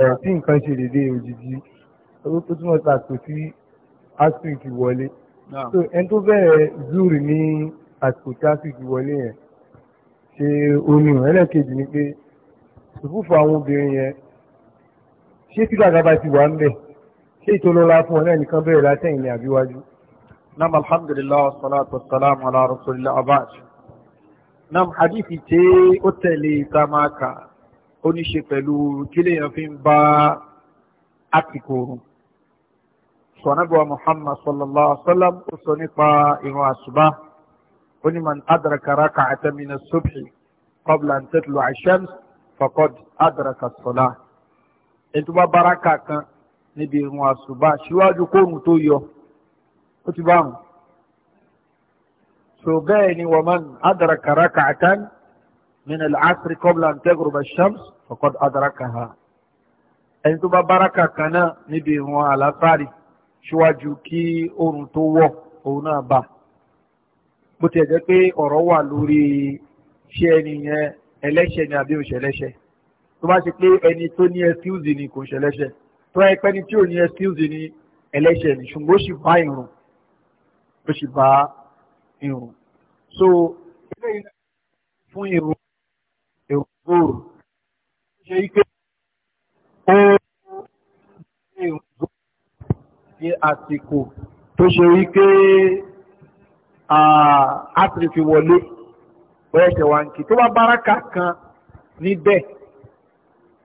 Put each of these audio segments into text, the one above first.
ọ̀rọ̀ tí nǹkan ṣe dédé òjijì ó túmọ̀ sí àsìkò tí asric wọlé so ẹni tó bẹ̀rẹ̀ zuri ní àsìkò tí asric wọlé yẹn ṣe oníhùn ẹlẹ́ẹ̀kejì ni pé ṣùkúfù àwọn obìnrin yẹn ṣé tí gàgàbà ti wà ń bẹ̀ ṣé ìtòlọ́lá fún ọ náà nìkan bẹ̀rẹ̀ látẹ̀yìn ní àbíwájú. nam alhamdulillah wasalaatu wasalaamu ala rasulillah abaj nam hadithi tí ó tẹ̀lé tamaka ó ní ṣe pẹ̀lú kíléyàn fi ń bá àtìkò òrùn sọ̀nàbọ̀ muhammad sallallahu alaihi wa sallam ó sọ nípa ìrun àṣùbá ó ní man adraka raka'atan mina subhi qabla an tatlu ash-shams faqad adraka baraka kan níbi ìrun àṣùbá síwájú kóòrùn tó yọ ó ti bá wọn. so bẹ́ẹ̀ ni wa man adraka raka'atan. من العصر قبل أن تغرب الشمس فقد أدركها ẹni tó كنا نبيه على náà níbi ìwọn àlàfáàrí ṣíwájú kí oòrùn tó wọ̀ òun náà bá bó tiẹ̀ jẹ́ pé ọ̀rọ̀ wà lórí ṣé ẹni yẹn ẹlẹ́ṣẹ̀ ni àbí òṣẹlẹ́ṣẹ̀ tó bá ṣe pé ẹni tó ní ẹsíùzì ni kò ṣẹlẹ́ṣẹ̀ tó ẹ pẹ́ni tí ò ní ẹsíùzì ni ẹlẹ́ṣẹ̀ ni ṣùgbọ́n ó sì bá ìrùn ó sì bá ìrùn so fún ìrùn zoro ṣe ike ó ṣe zoro ní àsìkò tó ṣe wípé àtìrì fi wọlé ọ̀ẹ́ṣẹ̀ wa ń kí tó bá báraka kan níbẹ̀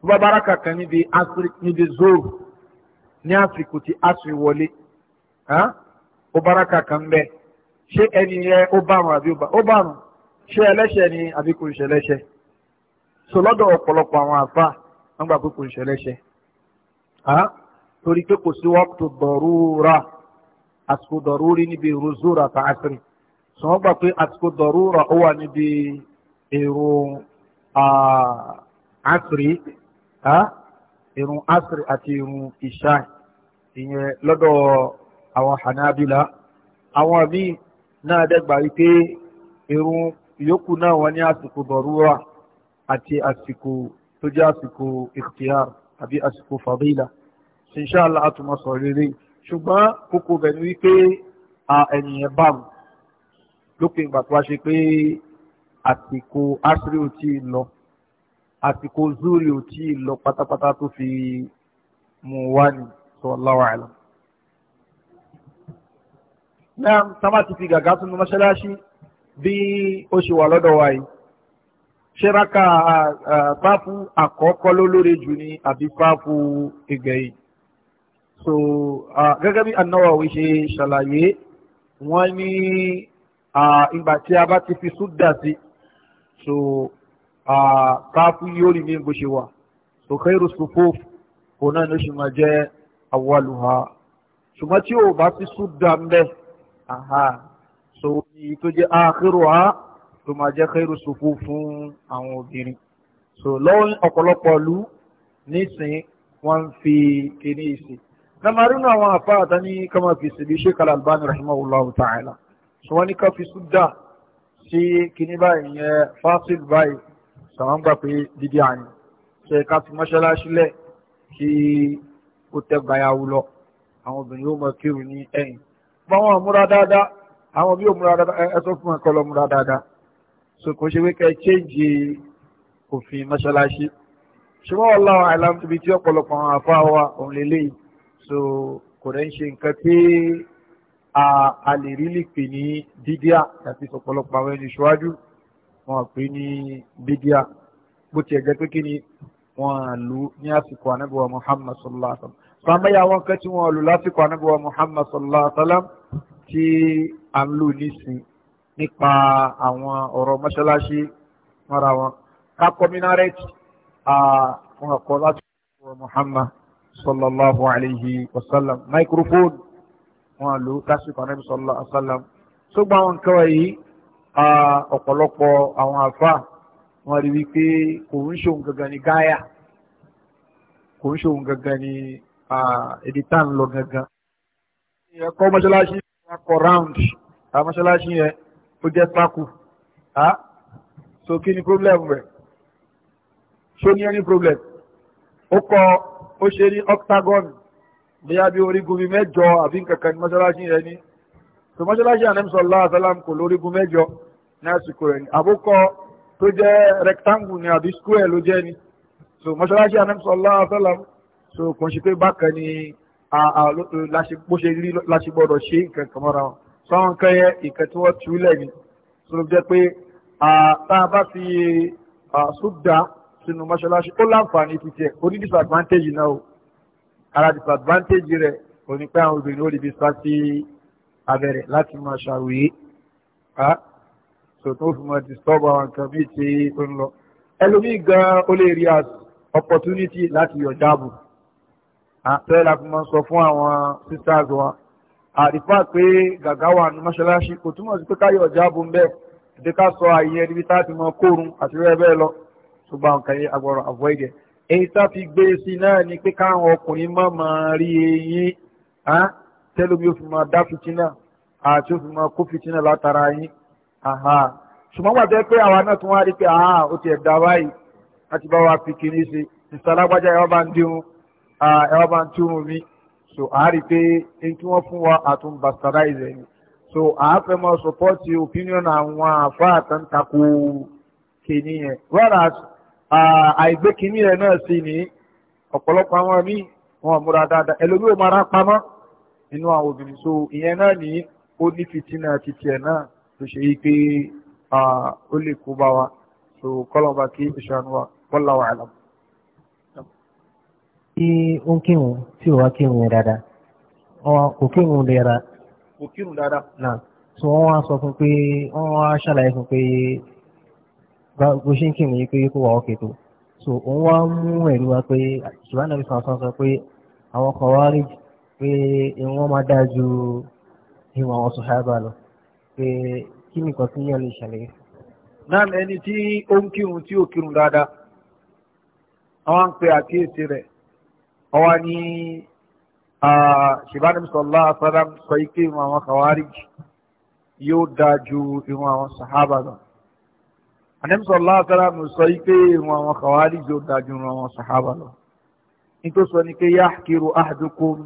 tó bá báraka kan níbi àtìrì níbi zoro ní àsìkò tí àtìrì wọlé ó báraka kan bẹ́ẹ̀ ṣé ẹni yẹn ó bárun àbí ó bárun ṣé ẹlẹ́ṣẹ̀ ni àbí kò ṣẹlẹ́ṣẹ̀ sọlọ́dọ̀ ọ̀pọ̀lọpọ̀ àwọn àfa wọ́n gbà pé kò ń ṣẹlẹ́ṣẹ̀ torí pé kò sí wọ́pù dọ̀rúra àsìkò dọ̀rúrí níbi èrò zora àti asiri sọ wọ́n gbà pé àsìkò dọ̀rúra ó wà níbi èrò asiri èrò asiri àti èrò ìṣá ìyẹn lọ́dọ̀ àwọn hanabila àwọn míì náà dẹ́gbà wípé èrò yòókù náà wọ́n ní àsìkò dọ̀rúra àti àsìkò tó jẹ́ àsìkò ikhtiyar àbí àsìkò fadila ṣinṣáàlá àtúmọ̀ sọ̀rọ̀ rere ṣùgbọ́n kókó bẹ̀ ni wípé ẹnìyẹn bá mu lópin ìgbà tó wá ṣe pé àsìkò asiri ò tí ì lọ àsìkò zuri ò tí ì lọ pátápátá tó fi mú wá ní sọláwà àlọ. náà tá a bá ti fi gàgá sínú mọ́ṣáláṣí bí ó ṣe wà lọ́dọ̀ wa yìí ṣẹ́ráka fáfú àkọ́kọ́ ló lóore jù ní àbí fáfú ìgbẹ̀yìn so gẹ́gẹ́ bí anáwọ̀wé ṣe ṣàlàyé wọ́n ní ìgbà tí a bá ti fi súdà sí so fáfú yóò rí ní bó ṣe wà so khairu sufuf òun náà ló ṣe máa jẹ́ awwaluha ṣùgbọ́n tí ò bá fi súdà ń bẹ̀ so ní tó jẹ́ tó máa jẹ́ khairu sufu fún àwọn obìnrin so lọ́wọ́ ọ̀pọ̀lọpọ̀ lu nísìn wọ́n ń fi kíní ìsìn náà rínú àwọn àfa àtàní kama fi síbi Sheikh Al-Albani rahimahullahu ta'ala so wọ́n ní ká fi sùdà sí kíní báyìí yẹn fásil báyìí sàwọn gbà pé dídí àná ṣe ká fi mọ́ṣáláṣí lẹ̀ kí ó tẹ́ gbayàwó lọ àwọn obìnrin yóò mọ kírun ní ẹ̀yìn báwọn múra dáadáa àwọn bí ó dáadáa ẹ sọ fún ẹ lọ múra dáadáa so kò ṣe pé kẹ́ ṣéǹjì òfin mọ́ṣáláṣí ṣùgbọ́n wallahu a'lam tí ọ̀pọ̀lọpọ̀ àwọn àfa wa òun lélẹ́yìí so kò rẹ̀ ń ṣe nǹkan tí a lè rí lè pè ní bídíà àti ọ̀pọ̀lọpọ̀ àwọn ẹni ṣíwájú wọn pè ní bídíà bó tiẹ̀ jẹ́ pé kí ni wọn lù ní àsìkò anábíwá Muhammad sallallahu alaihi wa sallam sàmáyà wọn kẹ́ tí wọn lù lásìkò anábíwá Muhammad sallallahu alaihi wa sallam tí à ń lò nísìnyí nípa àwọn ọ̀rọ̀ mọ́ṣáláṣí mọ́ra wọn ká kọ́ minareti àwọn ọkọ̀ láti ọ̀rọ̀ Muhammad sallallahu alayhi wa sallam microphone wọn lò lásìkò anabi sallallahu alayhi wa sallam ṣùgbọ́n àwọn nǹkan wọ̀nyí ọ̀pọ̀lọpọ̀ àwọn àfa wọn rí wípé kò ń ṣòun gangan ní gáyà kò ń ṣòun gangan ní èdè tá lọ gangan. ẹ̀kọ́ mọ́ṣáláṣí wọn round mọ́ṣáláṣí yẹn ó jẹ́ pákó á so kí ni problem rẹ̀ ṣó ní any problem ó kọ ó ṣe ní octagon bóyá bí orígun bíi mẹ́jọ àbí kankan ní mọ́ṣáláṣí yẹn ní so mọ́ṣáláṣí ànẹ́mísọ̀lá àsálàm kò lórígun mẹ́jọ ní àsìkò rẹ̀ ní àbókọ tó jẹ́ rectangle ni àbí square ló jẹ́ ni so mọ́ṣáláṣí ànẹ́mísọ̀lá àsálàm so kò ń ṣe pé bákan ni bó ṣe rí láṣẹ gbọ́dọ̀ ṣe nǹkan kan mọ́ra wọn sọ́wọ́n kan yẹ ìkẹ́ tí wọ́n túlẹ̀ ni tó ló jẹ́ pé tá a bá fi ṣúgbà sínú mọ́ṣáláṣí ó láǹfààní títí ẹ̀ ó ní disadvantage náà o ara disadvantage rẹ̀ ò ní pé àwọn obìnrin ó lè fi sá sí abẹ́rẹ́ láti máa ṣàròyé so tó fi mọ disturb àwọn nǹkan bíi ti ń lọ ẹlòmíì gan ó lè rí as opportunity láti yọ jáàbù àtẹ́lá fi mọ sọ fún àwọn sisters wa àrífà pé gàgá wà ní mọ́ṣáláṣí kò túmọ̀ sí pé káyọ̀ ọ̀já bó ń bẹ́ẹ̀ ẹ̀dẹ́ ká sọ àyè ẹni bí táàtì mọ kórun àti rẹ́ bẹ́ẹ̀ lọ ṣùgbọ́n àwọn kan yẹ agbọ̀rọ̀ avoid ẹ̀ èyí tá fi gbé e sí náà ni pé káwọn ọkùnrin mọ́ máa rí eyín tẹ́lú bí ó fi máa dá fìtínà àti ó fi máa kó fìtínà látara yín ṣùgbọ́n gbàgbé pé àwa náà tún wá rí pé ó ti ẹ̀dá báyìí láti bá wa fi kiri ṣe ìsàlágbájá ẹ̀wọ́ so a rí pé n wọ́n fún wa àtún bastardize ẹni so a fẹ́ mọ support opinion àwọn àfa àtàntàkù kìíní yẹn whereas àìgbé kìíní yẹn náà sì ní ọ̀pọ̀lọpọ̀ àwọn míì wọn múra dáadáa ẹlòmí ò máa pamọ́ inú àwọn obìnrin so ìyẹn náà ní ó ní fìtínà títí ẹ̀ náà tó ṣe yí pé ó lè kó bá wa so kọ́lọ́ba kí ìṣàánú wa wallahu a'lam. tí ó ń kírun tí ò wá kírun dáadáa kò kírun lera. kò kírun dáadáa. náà tí wọ́n wá sọ fún pé wọ́n wá ṣàlàyé fún pé bó ṣe ń kírun yìí pé kó wà ókè tó so òun wá mú wa pé ṣùgbọ́n nàbí sàn sọ pé àwọn kan wá rí pé wọ́n máa dáa ju ìwọ̀n àwọn sọ̀hábà lọ pé kí nìkan tí yẹn lè náà ẹni ọwá ní ṣìbánimí sallallahu alaihi wasallam sọ ike ìmọ̀ àwọn khawarij yóò dáa ju ìmọ̀ àwọn sahaba lọ anẹ́mí sallallahu alaihi wasallam sọ ike ìmọ̀ àwọn khawarij yóò dáa ju ìmọ̀ àwọn sahaba lọ nítorí sọ ni pé yahkiru ahadukum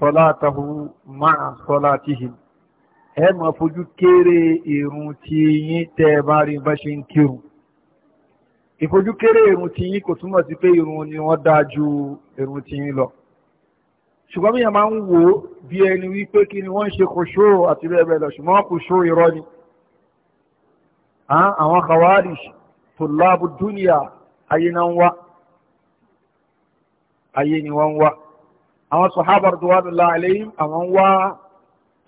salatahu ma'a salatihim ẹ máa fojú kéré ìrun tí yín tẹ́ bá rí bá ṣe ń kírun ìfojú kéré irun ti yín kò túmọ̀ sí pé irun ni wọ́n dáa ju irun ti yín lọ ṣùgbọ́n mi yàn máa ń wò ó bí ẹni wípé kí ni wọ́n ń ṣe kòṣó àti bẹ́ẹ̀ bẹ́ẹ̀ lọ ṣùgbọ́n kòṣó irọ́ ni àwọn khawarij tòlábù dúnìyà ayé náà ń wá ayé ni wọ́n ń wá àwọn sọ̀hábà radiyallahu alayhim àwọn ń wá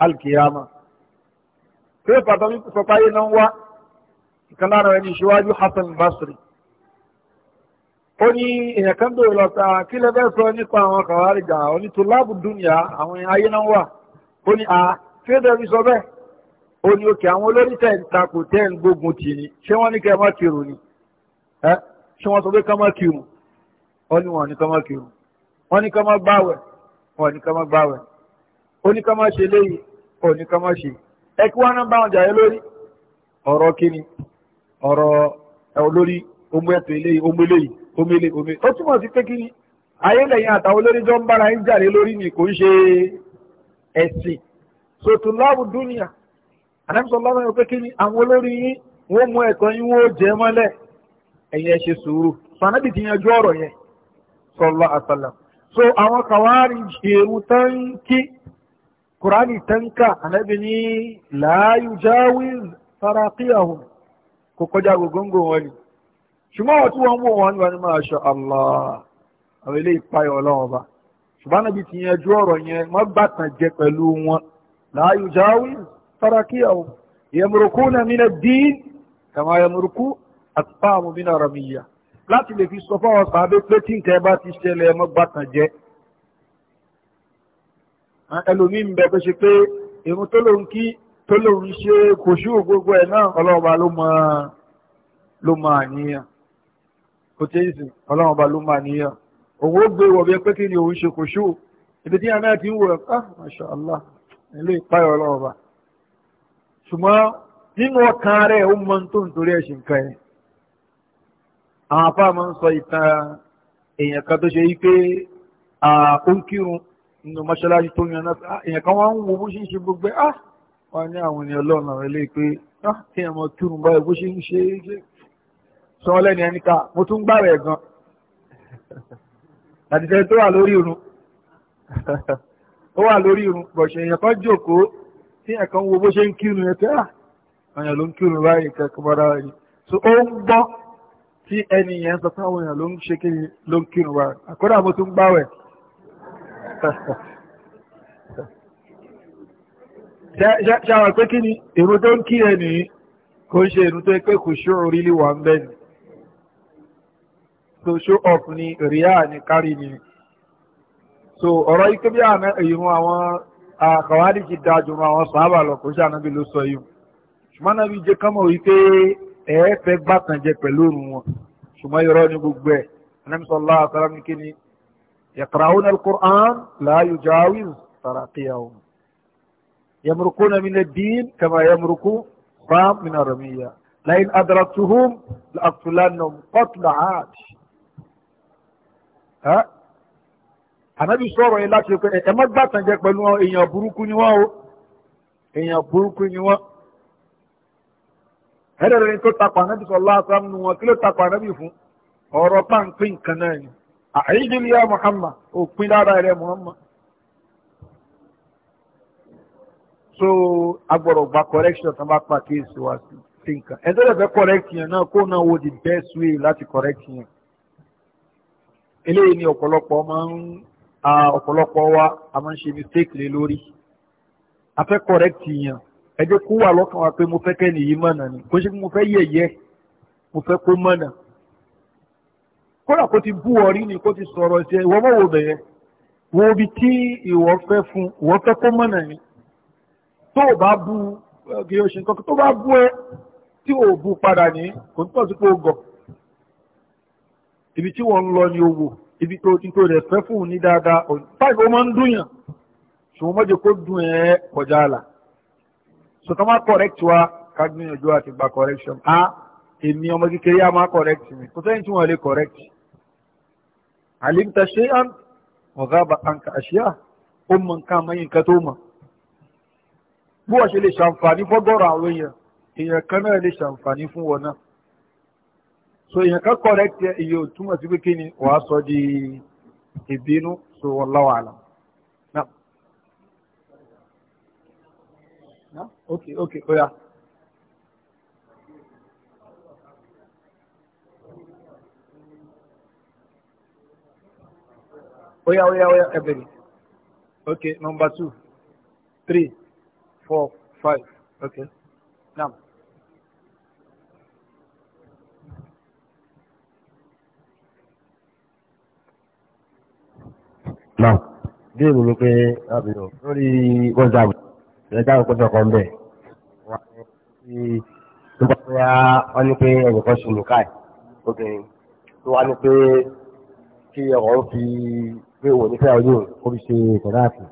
alkiyama pé pàtàkì sọpáyé náà ń wá ìkan lára ẹni ìṣíwájú Hasan Basri ó ní èèyàn kan bèrè lọ́ta kí lẹ fẹ́ sọ nípa àwọn kàwárìgà ó ní tó dúnìyà àwọn ayé náà wà ó a fẹ́ẹ́dẹ̀ fi sọ bẹ́ẹ̀ ó ní òkè àwọn olórí tẹ̀ ń takò tẹ̀ ń gbógun tì ní ṣé wọ́n ní kẹ́ má kírun ni kama ṣé wọ́n sọ pé ká má kírun ó ní wọn ní ká má kírun wọn jà omu ẹ̀tọ́ eléyìí omu eléyìí omu eléyìí omu eléyìí ó túmọ̀ sí pé kí ni ayé lẹ́yìn àtàwọn olórìjọ ń bára ń jàre lórí ni kò ń ṣe ẹ̀sìn sòtúláàbù dúnìyà àdámsọ lọ́wọ́ yóò pé kí ni àwọn olórí yín wọ́n mú ẹ̀tọ́ yín wọ́n jẹ́ mọ́lẹ̀ ẹ̀yin ẹ̀ sùúrù sànàbì ti yanjú ọ̀rọ̀ yẹn sọlọ àtàlà so àwọn kàwárí ṣèrú táǹkì kùránì táǹkà ànábì ní láàyù jáwé sàràkíyàwó kò kọjá gògóńgò wọn ni ṣùgbọ́n wọ́n tí wọ́n mú wọn lọ ní máa ṣe Allah àwọn ilé ìpayọ̀ ọlọ́run ọba ṣùgbọ́n níbi tí yẹn ju ọ̀rọ̀ yẹn wọ́n gbà tàn jẹ pẹ̀lú wọn láàyò jáwé tarakiyahu yamurukuna mina ad-din kama yamuruku atfaamu mina ramiya láti lè fi sọ fáwọn sàábé pé tí nǹkan ẹ bá ti ṣẹlẹ̀ ẹ mọ́ gbà tàn jẹ ẹlòmíì bẹ pé ṣe pé irun tó lòun kí tó lòun ṣe kò ṣú gbogbo ẹ̀ náà ọlọ́ọ̀ba ló máa ló máa níyàn potaisi ọlọ́run ọba ló máa níyà owó gbé wọ bí pé kí ni òun ṣe kò ṣó ibi tí àná ti ń wọ ah masha allah ilé ìpáyọ̀ ọlọ́run ọba ṣùgbọ́n nínú ọkàn rẹ̀ ó mọ tó ń torí ẹ̀sìn kan ẹ̀ àwọn afá máa ń sọ ìtàn èèyàn kan tó ṣe yí pé ó ń kírun nínú mọ́ṣáláṣí tó yan náà ah, èèyàn kan wọ́n ń wo bó ṣe ń ṣe gbogbo ah wọ́n ní àwọn ènìyàn ọlọ́run àwọn ilé pé ah kí èèyàn mọ kírun báyìí bó ṣe ń ṣe é sọ lẹ́nu ẹni ká mo tún gbà rẹ̀ gan àtìsẹ́ tó wà lórí irun ó wà lórí irun bọ̀ṣẹ̀ èèyàn kan jókòó tí ẹ̀kan wo bó ṣe ń kírun ẹ̀ tẹ́lá ah! èèyàn ló ń kírun báyìí kẹ́kọ̀ọ́ bára rẹ̀ so ó ń gbọ́ tí ẹni yẹn sọ fún èèyàn ló ń ṣe kí ló ń kírun báyìí àkọ́dà mo tún gbà rẹ̀ ṣe àwọn pé kí ni èrò tó ń kí ẹ nìyí kò ń ṣe èrò tó pé kò ṣó orí wà ń bẹ́ẹ̀ ni so show off ni ria ni kárí ni so ọ̀rọ̀ yìí kébí àná ìrun àwọn àkàwádìí ti da jùlọ àwọn sàábà lọ kò sí ànábì ló sọ yìí ṣùgbọ́n náà bí jẹ́ kámọ̀ wípé ẹ fẹ́ gbàtàn jẹ pẹ̀lú òrùn wọn ṣùgbọ́n irọ́ ni gbogbo ẹ̀ ànábì sallallahu alaihi wasallam kí ni yaqra'una al-Qur'an la yujawiz taraqiyahum yamruquna min ad-din kama yamruqu ram min ar-ramiyya la in adraktuhum la aqtulannahum qatla 'ad ànábì sọ̀rọ̀ yìí láti pé ẹ pẹ̀lú ni wọ́n o èèyàn burúkú ni wọ́n ẹ̀rẹ̀rẹ̀ tó tapọ̀ ànábì sọ̀lá àtàwọn nù wọn kí ló tapọ̀ ànábì fún ọ̀rọ̀ páńpé nǹkan náà ni àìjíríyà Muhammad òpin rẹ̀ Muhammad so agbọ̀rọ̀ gba correction tó bá pa kéèsì eléyìí ni ọ̀pọ̀lọpọ̀ máa ń ọ̀pọ̀lọpọ̀ wa a máa ń ṣe mistake lé lórí a fẹ́ correct yàn ẹ jẹ́ kó wà lọ́kàn wa pé mo fẹ́ kẹ́ni yìí mọ̀nà ni kó ṣe mo fẹ́ yẹ̀yẹ́ mo fẹ́ kó mọ̀nà kódà kó ti bú ọrí ni kó ti sọ̀rọ̀ sí ẹ ìwọ mọ̀ wò bẹ̀yẹ wo ibi tí ìwọ fẹ́ fún ìwọ fẹ́ kó mọ̀nà ni tó o bá bú kí o ṣe nǹkan tó bá bú ẹ tí o bú padà ní kò ń tọ́ sí pé o gọ̀ ibi tí wọ́n ń lọ ni owó ibi tó ti tó rẹ̀ fẹ́ fún ní dáadáa táìpé ó máa ń dùnyàn ṣùgbọ́n mọ́jọ kó dùn ẹ́ kọjá àlà sọtọ́ máa correct wa ká gbìyànjú àti gba correction a èmi ọmọ kékeré a máa correct mi kò sẹ́yìn tí wọ́n lè correct alimta ṣe án ọ̀gá bàtàǹkà àṣìyà ó mọ nǹkan mẹ́yìn nǹkan tó mọ̀ bí wọ́n ṣe lè ṣàǹfààní fọ́gọ́rọ̀ àwọn èèyàn èèyàn kan náà lè ṣàǹfààní fún wọn náà so èèyàn kan correct ẹ iye ò túmọ̀ sí pé kí ni wàá sọ di ìbínú so wallahu alam. ok ok ó yá. Oya, oya, oya, everybody. Okay, number two, three, four, five. Okay. Now. náà bí èmi ni pé àbẹ̀wò lórí WhatsApp ìrẹ́ dáhùn pé ọkọ̀ ń bẹ̀ wọ́n ti tó bá tó wá wọ́n ní pé ẹnìkan ṣe nìka ẹ̀ obìnrin tó wá ní pé kí ọkọ̀ ń fi pé òun nífẹ̀ẹ́ ọdún kó fi ṣe ìtọ́lá àti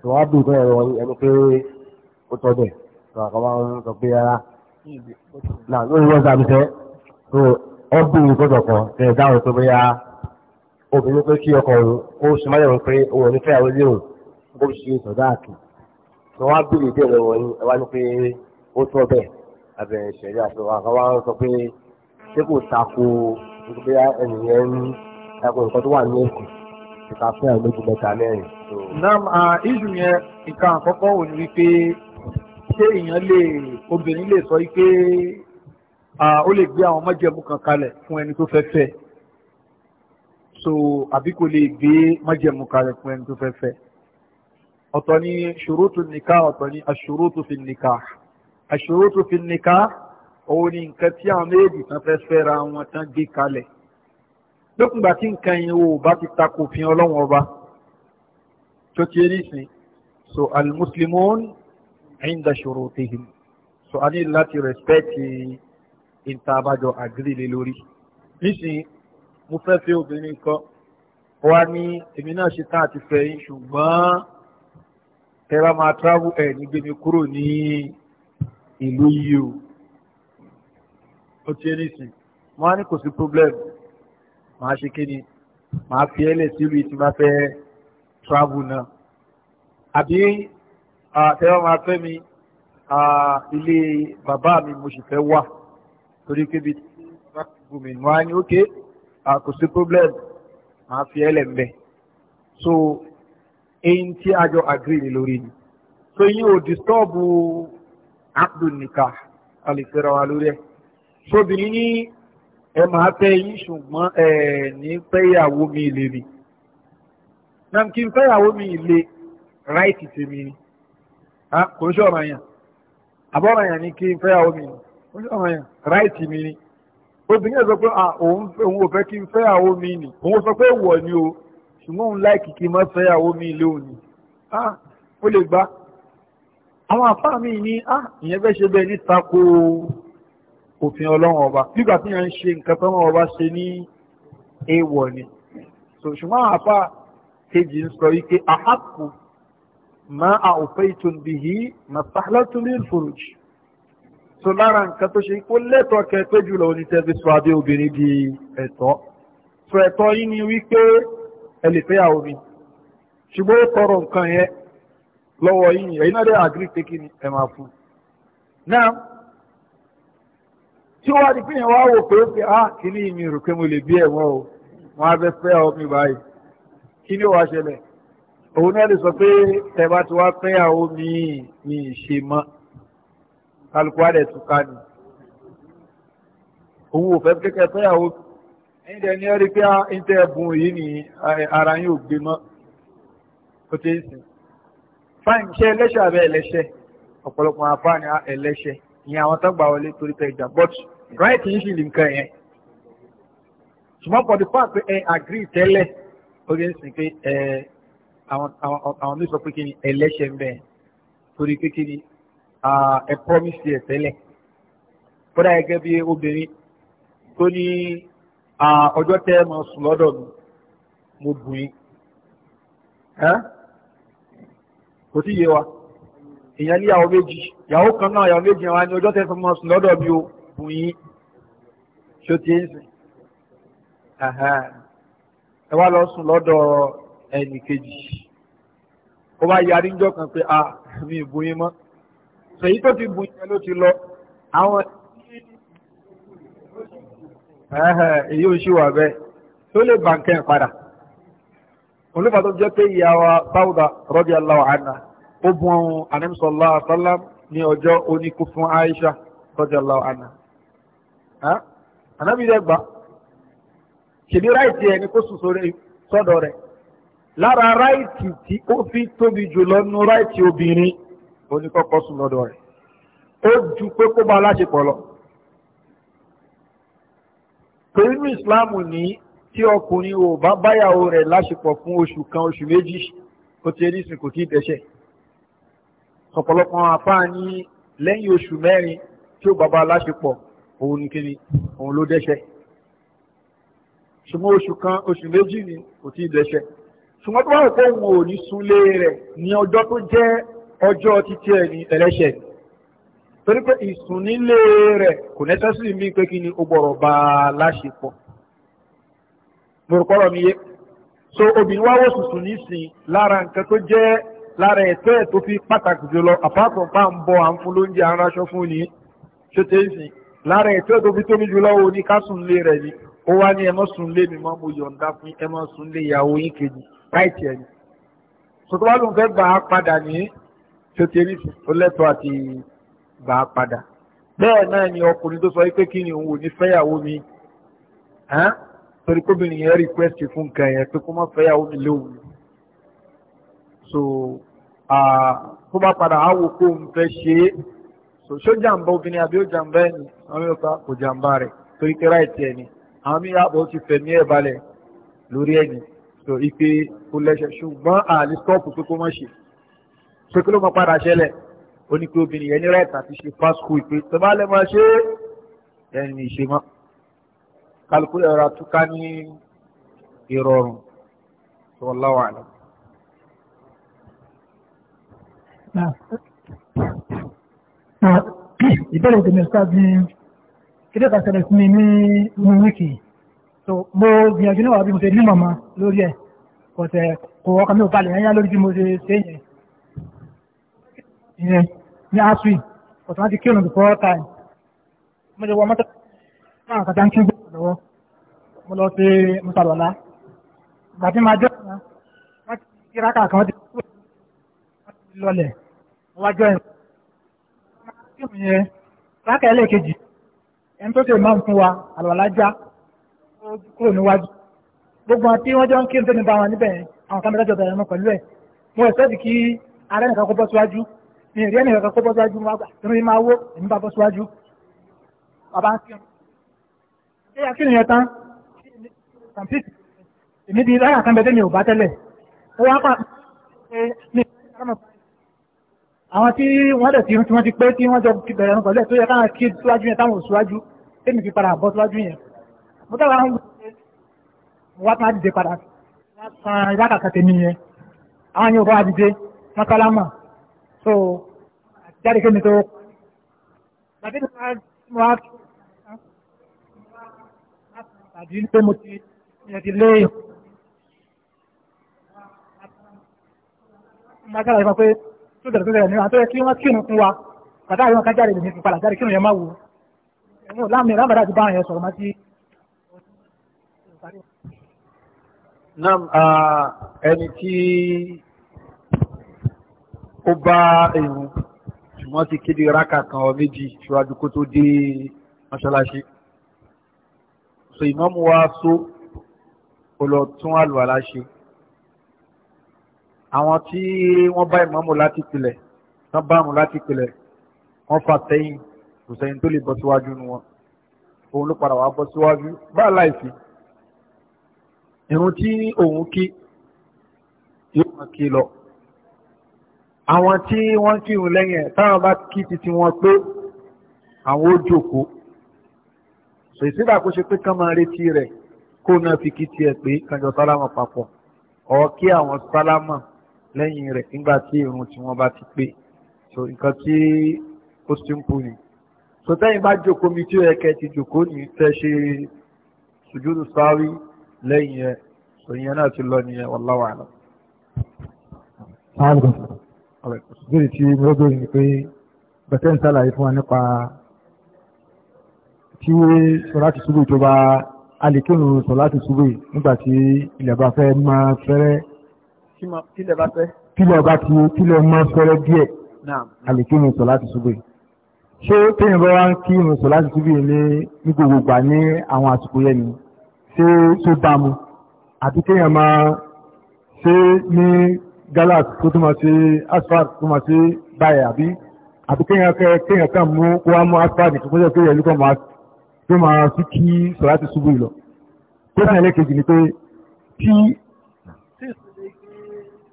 tó wá bí ìtọ́lá ẹ̀rọ ẹni pé ó tọ́ bẹ̀ tó àkọ́ máa ń sọ pé rárá náà lórí WhatsApp sẹ́ tó ọ́ bí ìkọ́sọ̀kan tẹ̀ dáhùn pé bóyá obìnrin pé kí ọkọ òun ó sì má yẹ̀wò pé òun ní fẹ́yàwó lé òun bó ṣe sọ̀dá àkì wọ́n wá bèrè díẹ̀ lọ́wọ́ yín ẹ wá ní pé ó tọ́ bẹ́ẹ̀ abẹ́rẹ́ ìṣẹ̀lẹ̀ àti àwọn àwọn àwọn sọ pé ṣé kò tako pé ẹnìyẹn ń tako nǹkan tó wà ní èkó ìka fún àwọn méjì mẹ́ta mẹ́rin. nam ìjù yẹn ìka àkọ́kọ́ ò ní wípé ṣé èèyàn lè obìnrin lè sọ wípé ó lè gbé àwọn májẹ̀mú kan so àbí kò lè gbé májẹ̀mú kalẹ̀ fún ẹni tó fẹ́ fẹ́ ọ̀tọ̀ ni ṣòrótù nìka ọ̀tọ̀ ni aṣòrótù fi nìka aṣòrótù fi nìka òun ni nǹkan tí àwọn méjì tán fẹ́ fẹ́ra wọn tán gbé kalẹ̀ lókùngbà tí nǹkan yẹn ò bá ti takò fi ọlọ́wọ́n ọba tó ti rí sìn so almuslimun inda shurutihim so a ní láti respect ìntàbàjọ àgírí lé lórí nísìnyí mo fẹ́ fẹ́ obìnrin kan ó wá ní èmi náà ṣe tán àti fẹ́ yín ṣùgbọ́n ẹ bá máa travel ẹ̀ ní mi kúrò ní ìlú yìí o ó ti ẹni sìn mo á ní kò sí problem màá ṣe kíni màá fi ẹlẹ̀ sílùú tí máa fẹ́ travel náà àbí ẹ bá máa fẹ́ mi ilé bàbá mi mo sì fẹ́ wà torí pé bí wọ́n á ní ókè. Okay Ah, kò sí problem màá fi ẹ́ lẹ̀ so eyín tí a jọ agree ni lórí ni so yín ò disturb abdul nikah a lè wa lórí ẹ̀ so obìnrin ní ẹ máa fẹ́ yín ṣùgbọ́n ẹ ní fẹ́yàwó mi lè rí nam kí n fẹ́yàwó mi lè ráìtì tèmi ni ah, kò ń ṣọ̀rọ̀ yàn àbọ̀rọ̀ yàn ni kí n fẹ́yàwó mi ni kò ń ṣọ̀rọ̀ yàn ráìtì mi ni obìnrin sọ pé ah, òun ò fẹ́ kí n fẹ́yàwó mi nì òun sọ pé wọ̀ ni o ṣùgbọ́n òun láì kìkì mọ́ fẹ́yàwó mi ilé òní ah, ó lè gbá àwọn àfáà mi ní ah, ìyẹn fẹ́ ṣe bẹ́ẹ̀ ní tako òfin ọlọ́run ọba nígbà tí yẹn ń ṣe nǹkan tó wọn ọba ṣe ní èèwọ̀ ni ṣùgbọ́n àwọn àfáà kejì ń sọ wípé àhàkù máa àòfẹ́ ìtòǹbìhì màtàlátúlẹ̀ fòròjì so lára nǹkan tó ṣe kó lẹ́tọ̀ kẹ pé jùlọ onítẹ̀bí sọ abẹ obìnrin di ẹ̀tọ́ so ẹ̀tọ́ yìí ni wípé ẹ lè fẹ́ àwọn mi ṣùgbọ́n ó tọrọ nǹkan yẹn lọ́wọ́ yìí ni ẹ̀yin náà dẹ̀ àgírí pé kí ni ẹ máa fún un náà tí wọ́n á di pín wá wò pé ó fi á ah, kíní mi rò pé mo lè bí ẹ̀wọ̀n o wọ́n á fẹ́ fẹ́ àwọn mi báyìí kí ni ó wá ṣẹlẹ̀ òun náà lè sọ pé tẹ̀ bá ti wá fẹ́ mi mi ì ṣe mọ́ kálukú á dẹ̀ túká ni òun ò fẹ́ kékeré fẹ́yàwó ẹ̀yin dẹ̀ ní ẹ̀rí pé ẹ̀ńtẹ́ ẹ̀bùn yìí ni ara yín ò gbé mọ́ ó ti ń sìn fáìn ṣe ẹlẹ́ṣẹ̀ àbẹ́ ẹlẹ́ṣẹ̀ ọ̀pọ̀lọpọ̀ àfáàní ẹlẹ́ṣẹ̀ ìyẹn àwọn tó gbà wọlé torí pé ìjà but right yìí sì lè nǹkan yẹn ṣùgbọ́n for the fact pé ẹ agree tẹ́lẹ̀ ó lè sìn pé àwọn àwọn mi sọ pé kí ni ẹlẹ́ṣẹ̀ ń bẹ̀ torí pé kí ni ẹ promise ẹ tẹ́lẹ̀ kódà gẹ́gẹ́ bí obìnrin tó ní ọjọ́ tẹ́ ẹ máa sùn lọ́dọ̀ mi mo bù yín kò tí yé wa èèyàn ní ìyàwó méjì ìyàwó kan náà ìyàwó méjì wa ní ọjọ́ tẹ́ ẹ máa sùn lọ́dọ̀ mi o bù yín ṣó ti ń sìn ẹ wá lọ sùn lọ́dọ̀ ẹnì kejì ó bá yarí ń kan pé a mi ì bù yín mọ́ sèyí tó ti bùn yẹn ló ti lọ àwọn èyí ò ṣíwà bẹ́ẹ̀ tó lè bà nǹkan padà olùfà tó jẹ́ pé ìyá wa Sauda radiyallahu anha ó bùn Ànábì sallallahu alaihi wasallam ní ọjọ́ oníkú fún Aisha radiyallahu anha anábìrẹ́ gbà ṣèbí ráìtì ẹni kó sùn sórí sọ́dọ̀ rẹ̀ lára ráìtì tí ó fi tóbi jùlọ nínú ráìtì obìnrin oníkọ́kọ́ sùn lọ́dọ̀ rẹ̀ ó ju pé kó bá aláṣepọ̀ lọ. torí ní ìsìláàmù ní tí ọkùnrin ò bá báyàwó rẹ̀ láṣepọ̀ fún oṣù kan oṣù méjì ó ti rí sìn kò tí ì dẹ́ṣẹ̀. ọ̀pọ̀lọpọ̀ àfáà ní lẹ́yìn oṣù mẹ́rin tí ó bàbá aláṣepọ̀ òun ní kíni òun ló dẹ́ṣẹ̀. ṣùgbọ́n oṣù kan oṣù méjì ni kò tí ì dẹ́ṣẹ̀. ṣùgbọ́n tó bá wù pé òun ò ní súnlé rẹ̀ ní ọjọ́ tó jẹ́ ọjọ́ títí ẹ̀ ẹlẹ́ṣẹ̀ ni torí pé ìsùn nílé rẹ̀ kò nẹ́sẹ̀sì mí pé kí ni ó gbọ́rọ̀ bá a láṣepọ̀ mo rò pọ́rọ̀ mi yé so obìnrin wáwọ́ sùsùn nísìn lára nǹkan tó jẹ́ lára ẹ̀tọ́ ẹ̀ tó fi pàtàkì jùlọ àpapọ̀ bá ń bọ à ń fún lóúnjẹ aráṣọ fún ni ṣó tẹ́ ń sìn lára ẹ̀tọ́ ẹ̀ tó fi tóbi jùlọ wo ni ká sùn lé rẹ̀ ni ó wá ní ẹ má sùn lé mi mọ́ mo yọ̀ǹda fún ẹ sùn lé ìyàwó yín kejì láì tiẹ̀ ni sọtọ́ wá ló ń fẹ́ gbà á padà nìyí tí ó ti rí ó lẹ́tọ̀ọ́ àti gbà á padà bẹ́ẹ̀ náà ni ọkùnrin tó sọ pé kí ni òun ò ní fẹ́yàwó mi torí kóbìnrin yẹn request fún nǹkan yẹn pé kó má fẹ́yàwó mi léwu so tó bá padà á wò kó òun fẹ́ ṣe é so ṣó jàǹbá obìnrin àbí ó jàǹbá ẹ̀ ni àwọn yóò fa kò jàǹbá rẹ̀ torí pé ráìtì ẹ̀ ni àwọn míì àbọ̀ ti fẹ̀mí ẹ̀ balẹ̀ lórí ẹ̀ ni so ipe kò lẹ́sẹ̀ ṣùgbọ́n àlè stọ́ọ̀pù kó má ṣe pé kí ló mọ padà ṣẹlẹ̀ ó ní pé obìnrin yẹn ní rẹ́ẹ̀tì àti ṣe fásitì ìpè tó bá lè máa ṣe é ẹni ní ìṣe mọ́ kálukú ẹ̀rọ àtúká ní ìrọ̀rùn wallahu a'lam. ìbéèrè tèmi sáà bí kílé ṣẹlẹ̀ sí mi ní inú wíìkì so mo gbìyànjú náà wà bí mo ṣe ní màmá lórí ẹ̀ kọ̀tẹ̀ eh, kò ọkàn mi ò balẹ̀ yányá lórí bí mo ṣe ṣe yẹn ìyẹn ní asui but wọ́n ti kírun before time mo jẹ́ wọ́n mọ́tò náà kàtà ń kí gbọ́dọ̀ lọ́wọ́ mo lọ sí musalọ́lá ìgbà tí máa jọ́ ìyẹn wọ́n ti kí rákà kan wọ́n ti kúrò wọ́n ti lọlẹ̀ wọ́n wá jọ ìyẹn kírun yẹn rákà ẹlẹ́ẹ̀kejì ẹni tó ṣe máa ń fún wa àlọ́lá já kúrò níwájú gbogbo àti wọ́n jọ ń kírun tó ní bá wọn níbẹ̀ àwọn kámẹ́rẹ́jọ bẹ̀rẹ̀ mọ́ pẹ̀lú ẹ̀ mo ẹ̀sẹ́ ní ìrí ẹnì kankan kó bọ́ síwájú wọn gbà tí wọ́n máa wó èmi bá bọ́ síwájú bàbá ń kírun. ṣé akínú yẹn tán kàmpít èmi di láyà kan bẹ́ẹ̀ mi ò bá tẹ́lẹ̀ ó wá pa ní àwọn tí wọ́n dẹ̀ tí wọ́n ti pé tí wọ́n jọ bẹ̀rẹ̀ ọ̀nà pẹ̀lú ẹ̀ tó yẹ káwọn kí síwájú yẹn táwọn ò síwájú tẹ́mi fi padà bọ́ síwájú yẹn mo dábàá ń wá tán á dìde padà wá tán ìdákàkà tèmi yẹn àwọn yóò bá wa dìde mọ́kálámà so jáde kí ni tó tàbí ní mo á tàbí pé mo ti mo ti lé mo á sábà yẹ pé tó tẹ̀lé tó tẹ̀lé nínú àtọ́yẹ kí wọ́n kírun fún wa bàtà àwọn kan jáde lè ní fipalà jáde kírun yẹn má wò ó láàmì lábàdà ti bá yẹn sọ̀rọ̀ má sí. Nam ẹni tí ó bá ìrun ṣùgbọ́n ti kéde rákà kan ọ méjì ṣíwájú kó tó dé mọ́ṣáláṣí so ìmáàmù wa só ó lọ tún àlùwàlá ṣe àwọn tí wọ́n bá ìmáàmù láti pilẹ̀ wọ́n bá àrùn láti pilẹ̀ wọ́n fà sẹ́yìn kò sẹ́yìn tó lè bọ́ síwájú nu wọn òun ló padà wá bọ́ síwájú bá láìsí ìrun tí òun kí yóò máa kí lọ àwọn tí wọ́n kírun lẹ́yìn ẹ̀ táwọn bá kí titi wọn pé àwọn ó jókòó sọ ìsídà kó ṣe pé kán máa retí rẹ̀ kó náà fi kí tiẹ̀ pé kanjọ sálámà papọ̀ ọ̀ kí àwọn sálámà lẹ́yìn rẹ̀ nígbà tí irun tí wọ́n bá ti pé so nǹkan tí ó simple ni so tẹ́yìn bá jókòó mi tí ó yẹ kẹ́ ti jókòó ní tẹ́ ṣe sùjúdù sáwí lẹ́yìn ẹ̀ so ìyẹn náà ti lọ nìyẹn wallahu a'lam ìbéèrè tí mo bẹ̀rẹ̀ ni pé bẹ̀tẹ̀ ń sàlàyé fún wa nípa tí sọ̀láàtì ṣubú tó bá alìkínú sọ̀láàtì ṣubú nígbà tí ilẹ̀ bá fẹ́ máa fẹ́rẹ́ tílẹ̀ bá fẹ́ tílẹ̀ bá ti tílẹ̀ máa fẹ́rẹ́ díẹ̀ alìkínú sọ̀láàtì ṣubú ṣé téèyàn bá wá ń kí irun sọ̀láàtì ṣubú ní ní gbogbo gbà ní àwọn àsìkò yẹn ni ṣé tó bá mu àti téèyàn máa ṣe ní galas kó tó máa ṣe asfar tó máa ṣe báyẹ̀ àbí àbí kéèyàn kan mú kó wá mú asfar nìkan kó jẹ́ pé ẹ̀lú kan máa tó máa sí kí sọ̀rọ̀ ti ṣubú ìlọ. tó náà ẹlẹ́kejì ni pé tí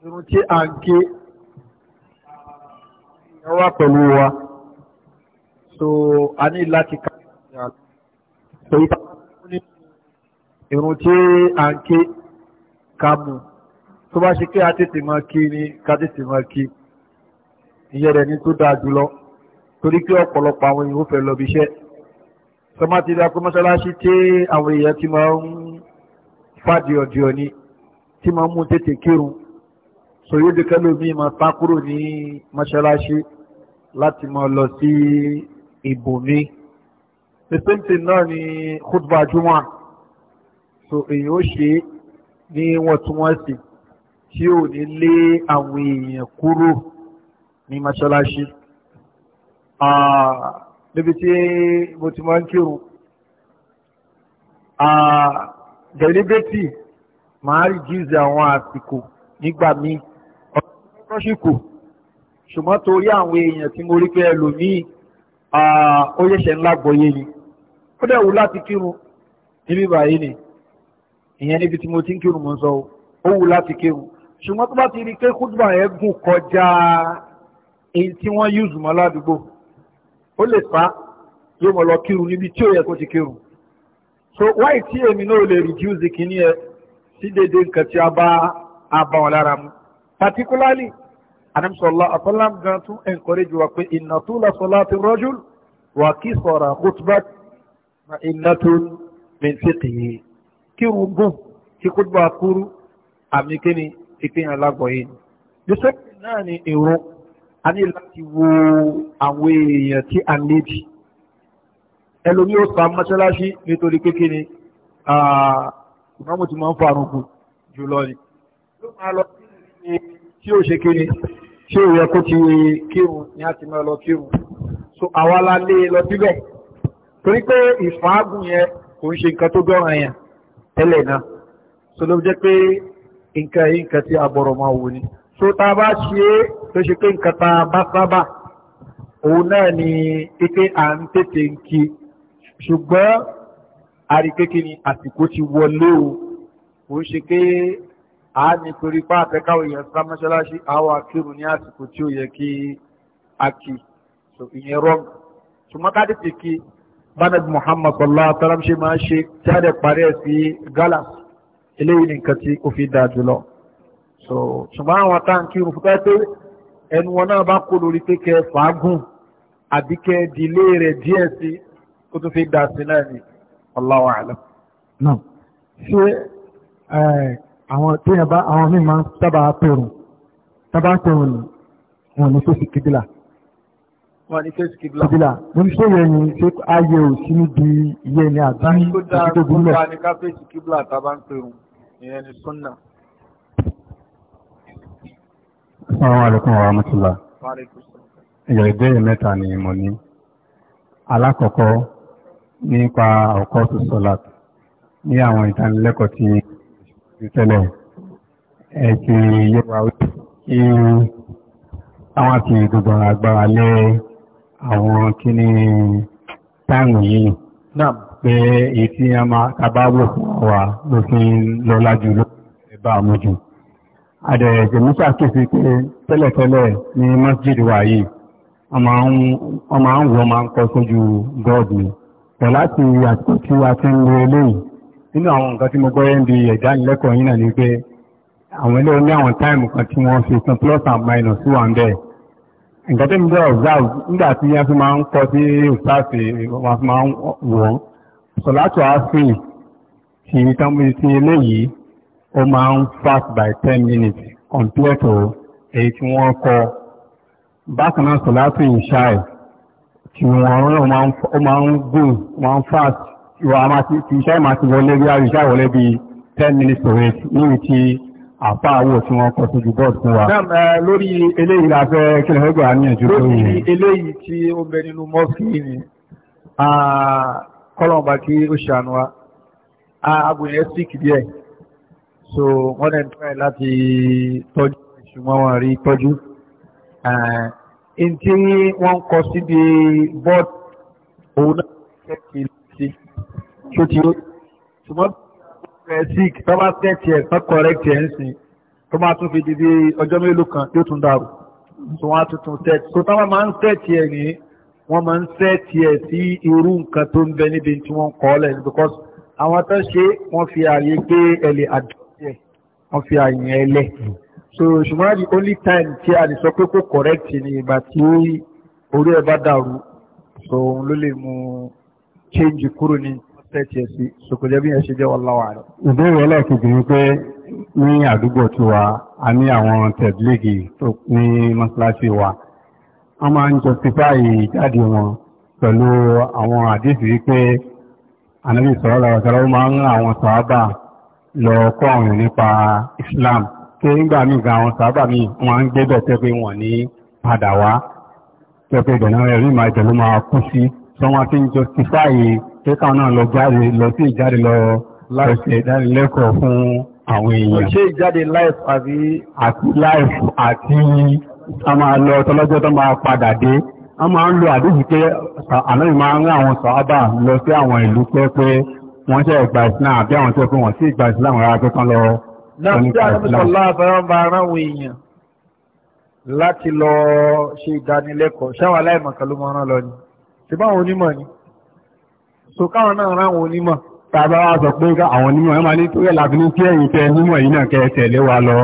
irun tí a ń ké èèyàn wá pẹ̀lú wa so a ní láti ká ìrun tí a ń ké ká mú un tó bá ṣe pé a tètè máa kí ni ká tètè máa kí ìyẹn rẹ̀ ni tó dáa jùlọ torí pé ọ̀pọ̀lọpọ̀ àwọn èèyàn ó fẹ́ lọ bí iṣẹ́ sọmátì dá pé mọ́ṣáláṣí tí àwọn èèyàn ti máa ń fàdíọ̀díọ̀ ni tí máa ń mú tètè kírun sòyóde kẹlòmíì máa sá kúrò ní mọ́ṣáláṣí láti máa lọ sí ibòmí pèsèǹtì náà ni khutba juma so èèyàn ó ṣe ní wọ̀ntúnwọ̀nsì tí ò ní lé àwọn èèyàn kúrò ní mọ́ṣáláṣí níbi tí mo ti máa ń kírun dẹ̀líbẹ́tì máa rí jíìsì àwọn àsìkò nígbà míì rọ́ṣìkò ṣùgbọ́n torí àwọn èèyàn tí mo rí pé ẹlòmíì ó yẹ̀ṣẹ̀ ńlá gbọ́yé ni ó dẹ̀ wù láti kírun níbí báyìí ni ìyẹn níbi tí mo ti ń kírun mo ń sọ ó wù láti kírun ṣùgbọ́n tó bá ti rí i pé kúdùbà yẹn gùn kọjá èyí tí wọ́n yúùzù mọ́ ládùúgbò ó lè fa yóò mọ̀ lọ kírun níbi tí ó yẹ kó ti kírun so wáyé tí èmi náà lè reduce kìíní ẹ sí dédé nǹkan tí a bá a bá wọn lára mu particularly anamsọlá afọlám gan tún encourage wa pé ìnàtú lọsọlá ti rọjùl wà kí sọ̀rọ̀ àkótúbà ìnàtú mẹ́ntẹ́tẹ̀yẹ kírun gùn kí kúdùbà kúrú àmì kíni ìpín alágbọ̀yé joseph náà ni èrò a ní láti wo àwọn èèyàn tí a níbi ẹlòmí ó pa mọ́ṣáláṣí nítorí kékeré ìmọ̀mù tí máa ń farun kù jùlọ ni ló máa lọ tí ó ṣe kéré tí ó yẹ kó ti kírun ni a ti máa lọ kírun so àwa la lé e lọ síbẹ̀ torí pé ìfàágùn yẹn kò ń ṣe nǹkan tó gbọ́ràn yẹn tẹ́lẹ̀ náà so ló jẹ́ pé nǹkan yìí nǹkan tí a bọ̀rọ̀ máa wò ni tó ta bá ṣe é tó ṣe pé nǹkan ta bá sábà òun náà ni pé à ń tètè ń kí ṣùgbọ́n àríkékè ni àsìkò ti wọlé o kò ń ṣe pé a nítorí pé àfẹ́káwò èèyàn sá mọ́ṣáláṣí àwọn akírun ní àsìkò tí ó yẹ kí a kì ìyẹn rọ́ọ̀mù ṣùgbọ́n ká tètè kí bánàbí Muhammad sallallahu alaihi máa ń ṣe tí a dẹ̀ parí ẹ̀ sí galas eléyìí ni nǹkan tí ó fi dáa jùlọ so ṣùgbọ́n àwọn táǹkì rò fún pé ẹnu wọn náà bá kó lórí pé kẹ fàágùn àbí kẹ dìlé rẹ̀ díẹ̀ sí ó tún fi dáa sí náà ni Allahu a'lam. náà ṣé àwọn tí yẹn bá àwọn míì máa ń sábà pèrò sábà pèrò ni wọn ní fèsì kìdìlà. wọn ní fèsì kìdìlà. kìdìlà wọn ṣé yẹn ni ṣé ayé ò sí níbi iye ni àbí àti tó báyìí tó dáa ló ń bá ká fèsì kìdìlà tá a bá ń pèrò ìyẹn ni súnà. Assalamu alaikum wa rahmatullah. Ìyọ̀ ìbéèrè mẹ́ta ni mo ní. Alákọ̀ọ́kọ́ nípa ọ̀kọ́ tó sọ́lá ní àwọn ìdánilẹ́kọ̀ọ́ tí ó tẹ́lẹ̀. Ẹ ti yẹ wa wí kí àwọn àti gbogbo agbára lé àwọn kíní táìmù yìí pé èyí tí a máa tàbáwò fún wa ló fi ń lọ́lá jù lọ ẹ̀bá àmójú. Adẹ̀ẹ̀jẹ̀ Musa kéfì pé tẹ́lẹ̀tẹ́lẹ̀ ní masjid wa yìí, wọ́n máa ń wọ́n máa ń kọ́ sójú gọ́ọ̀dù. Tẹ̀ láti àtìkò tí a ti ń lo eléyìí, nínú àwọn nǹkan tí mo gbọ́ yẹn di ẹ̀dánilẹ́kọ̀ọ́ yìí náà ni pé àwọn ilé oní àwọn táìmù kan tí wọ́n fi san plus and minus wà ń bẹ́ẹ̀ nǹkan tó ń bẹ́ ọ̀záàwù nígbà tí yẹn fi máa ń kọ́ sí ìsáàsì wọ́n fi máa ń wọ̀n sọ̀látù àásìrì ti ìtàmùsí ti eléyìí ó máa ń fast by ten minutes compared to èyí tí wọ́n kọ bákan náà sọ̀látù ìṣáì tí wọ́n ó máa ń gùn máa ń fast ìwọ̀n a máa ti ìṣáì máa ti wọlé bí i ìṣáì wọlé bí i ten minutes to eight níbi tí àfáàwò tí wọ́n kọ sójú bọ́ọ̀dù fún wa. Náà eh, lórí eléyìí la fẹ́ kí lè fẹ́ gbà ní ẹ̀jú lórí. Lórí eléyìí tí ó bẹ nínú mọ́fì ni. Ah, kọ́lọ́n bá kí ó ṣàánú wa agbóyè sick díẹ̀ so wọ́n dẹ̀ ń try láti tọ́jú ṣùgbọ́n wọn rí tọ́jú n tí wọ́n kọ síbi board òun náà ṣe kì í sí ṣó ti ṣùgbọ́n sick tó bá tẹ̀tì ẹ̀ tó correct ẹ̀ ń sìn tó máa tún fi di bí ọjọ́ mélòó kan yóò tún dàrú so wọ́n á tuntun tẹ̀tì so táwọn máa ń tẹ̀tì ẹ̀ nìyí wọ́n máa ń sẹ́ẹ̀tì ẹ̀ sí irú nǹkan tó ń bẹ níbi tí wọ́n kọ́ lẹ̀ because àwọn tó ṣe wọ́n fi ààyè pé ẹ̀lẹ̀ àdúgbò wọ́n fi ààyè yẹn so ṣùgbọ́n the only time tí a lè sọ pé kò correct ni ìgbà tí orí ẹ̀ bá dàrú so òun ló lè mú change kúrò ní sẹ́ẹ̀tì ẹ̀ sí so kò jẹ́ bí yẹn ṣe jẹ́ wọ́n láwàá rẹ̀. ìbéèrè ẹlẹ́ẹ̀kejì ni pé ní àdúgbò tiwa a ní àwọn tẹ̀blígì tó wa wọ́n máa ń justify jáde wọn pẹ̀lú àwọn àdísì wípé ànábì sọ̀rọ̀ lọ́wọ́sọ̀rọ̀ ó máa ń rán àwọn sàábà lọ kọ́ àwọn èèyàn nípa Islam pé nígbà míì gan àwọn sàábà míì wọ́n á ń gbé bẹ̀ tẹ́ pé wọ́n ní padà wá tẹ́ pé ìdẹ̀nà rẹ̀ rí màá ìdẹ̀ ló máa kú sí tí wọ́n ti ń justify pé káwọn náà lọ jáde lọ sí ìjáde lọ láti ìdánilẹ́kọ̀ọ́ fún àwọn èèyàn. ṣé ìjáde life àbí. àti life àti a máa lọ tọ́lọ́jọ́ tó máa padà dé a máa ń lo àdéhùn pé àlọ́yìn máa ń rán àwọn sọ́ábà lọ sí àwọn ìlú pé pé wọ́n ṣe ìgbà ìsìláà àbí àwọn tó pé wọ́n sí ìgbà ìsìláà rárá pé kán lọ láti lọ ṣe ìdánilẹ́kọ̀ọ́ ṣáwọn aláìmọ̀kan ló máa rán lọ ni ṣe báwọn onímọ̀ ni so káwọn náà rán àwọn onímọ̀ tàbí wá sọ pé àwọn onímọ̀ ẹ máa ní tó yẹ láti ní kí ẹ̀yin tẹ onímọ̀ yìí náà kẹ tẹ̀lé wa lọ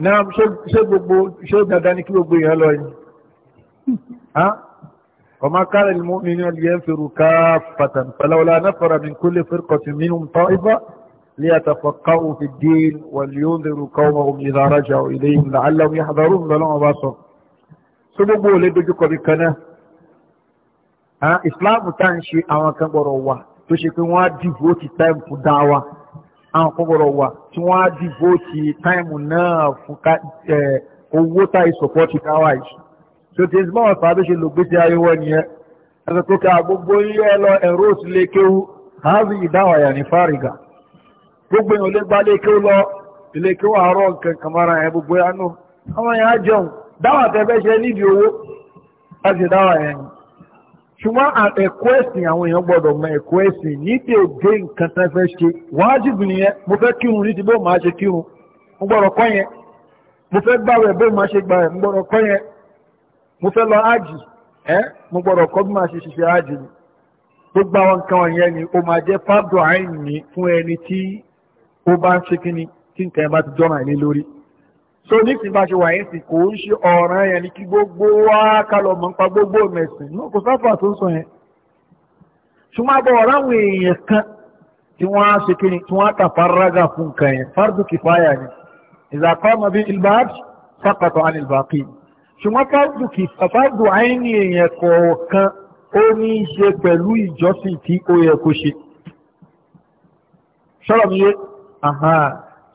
náà ṣé gbogbo ṣé dandan ní kí gbogbo èèyàn lọ yìí ọmọ kára ìlú mímí ọdún yẹn fèrú ká fàtàn pẹ̀lọ́wọ́lá náfàrà mi kó lè fẹ́rẹ̀kọ̀ sí mínú tọ́ ibà lè àtàfà káwọ́ fi dé wàlú yóò lè rú káwọ́ ọmọ ìlà arájà ilé ìlà aláwọ̀ yẹn àdàrú ńlọ́lọ́wọ́ bá sọ. sọ gbogbo ò dojú kọ bí kan náà ìsìláàmù tá à ṣe àwọn kan gbọ́dọ̀ wà tó ṣe pé wọ́n á dìbò ti táìmù fún dáwà àwọn kan gbọ́dọ̀ wà tí wọ́n á dìbò ti táìmù náà fún owó táì sọ̀pọ̀tì káwá yìí tó ti ẹ̀sìn báwọn sábẹ́ ṣe lò gbèsè ayéwọ́ nìyẹn ẹ̀sìn tó ká gbogbo ilé ẹ lọ ẹ̀rọ òsì lè kéwu háàzì ìdáwàyà ní fárígà gbogbo èèyàn lè gba lè kéwu lọ ilé kéwu àárọ̀ nǹkan kàmára ẹ̀ gbogbo ẹ̀ àánú àwọn èèyàn á jẹun dáwà tẹ́ fẹ́ ṣe nídìí owó láti dáwà yẹn ṣùgbọ́n ẹ̀kọ́ ẹ̀sìn àwọn èèyàn gbọ́dọ̀ mọ ẹ̀kọ́ ẹ̀sìn ní tí ó gé nǹkan tán fẹ́ ṣe wájìbù nìyẹn mo fẹ́ kírun ní ti bó máa ṣe kírun mo gbọ́dọ̀ kọ́ yẹn mo fẹ́ gbàwẹ̀ bó máa ṣe gbàwẹ̀ mo gbọ́dọ̀ kọ́ mo fẹ́ lọ ájì ẹ́ mo gbọ́dọ̀ kọ́ bí máa ṣe ṣiṣẹ́ ájì ni tó gba àwọn nǹkan wọ̀nyẹn ni ó máa jẹ́ fábdọ̀ àìní fún ẹni tí ó bá ń ṣe kíni tí nǹkan yẹn bá ti jọ́nà ní lórí so ní ti bá ṣe wà yẹn sì kò ń ṣe ọ̀ràn yẹn ni kí gbogbo wa kálọ̀ mọ̀ nípa gbogbo mẹ̀sìn náà kò sáfà tó ń sọ yẹn ṣùgbọ́n àbọ̀ ọ̀rọ̀ àwọn èèyàn kan tí wọ́n á ṣe kí ni tí wọ́n á tàfàrágà fún nǹkan yẹn fardu kìfáyà ni ìzàkọ́mọ bíi ilbad saqata an ilbaqi ṣùgbọ́n fardu kìfáyàdù àìní èèyàn kọ̀ọ̀kan ó ní í ṣe pẹ̀lú ìjọsìn tí ó yẹ kó ṣe ṣọ́rọ̀ mi yé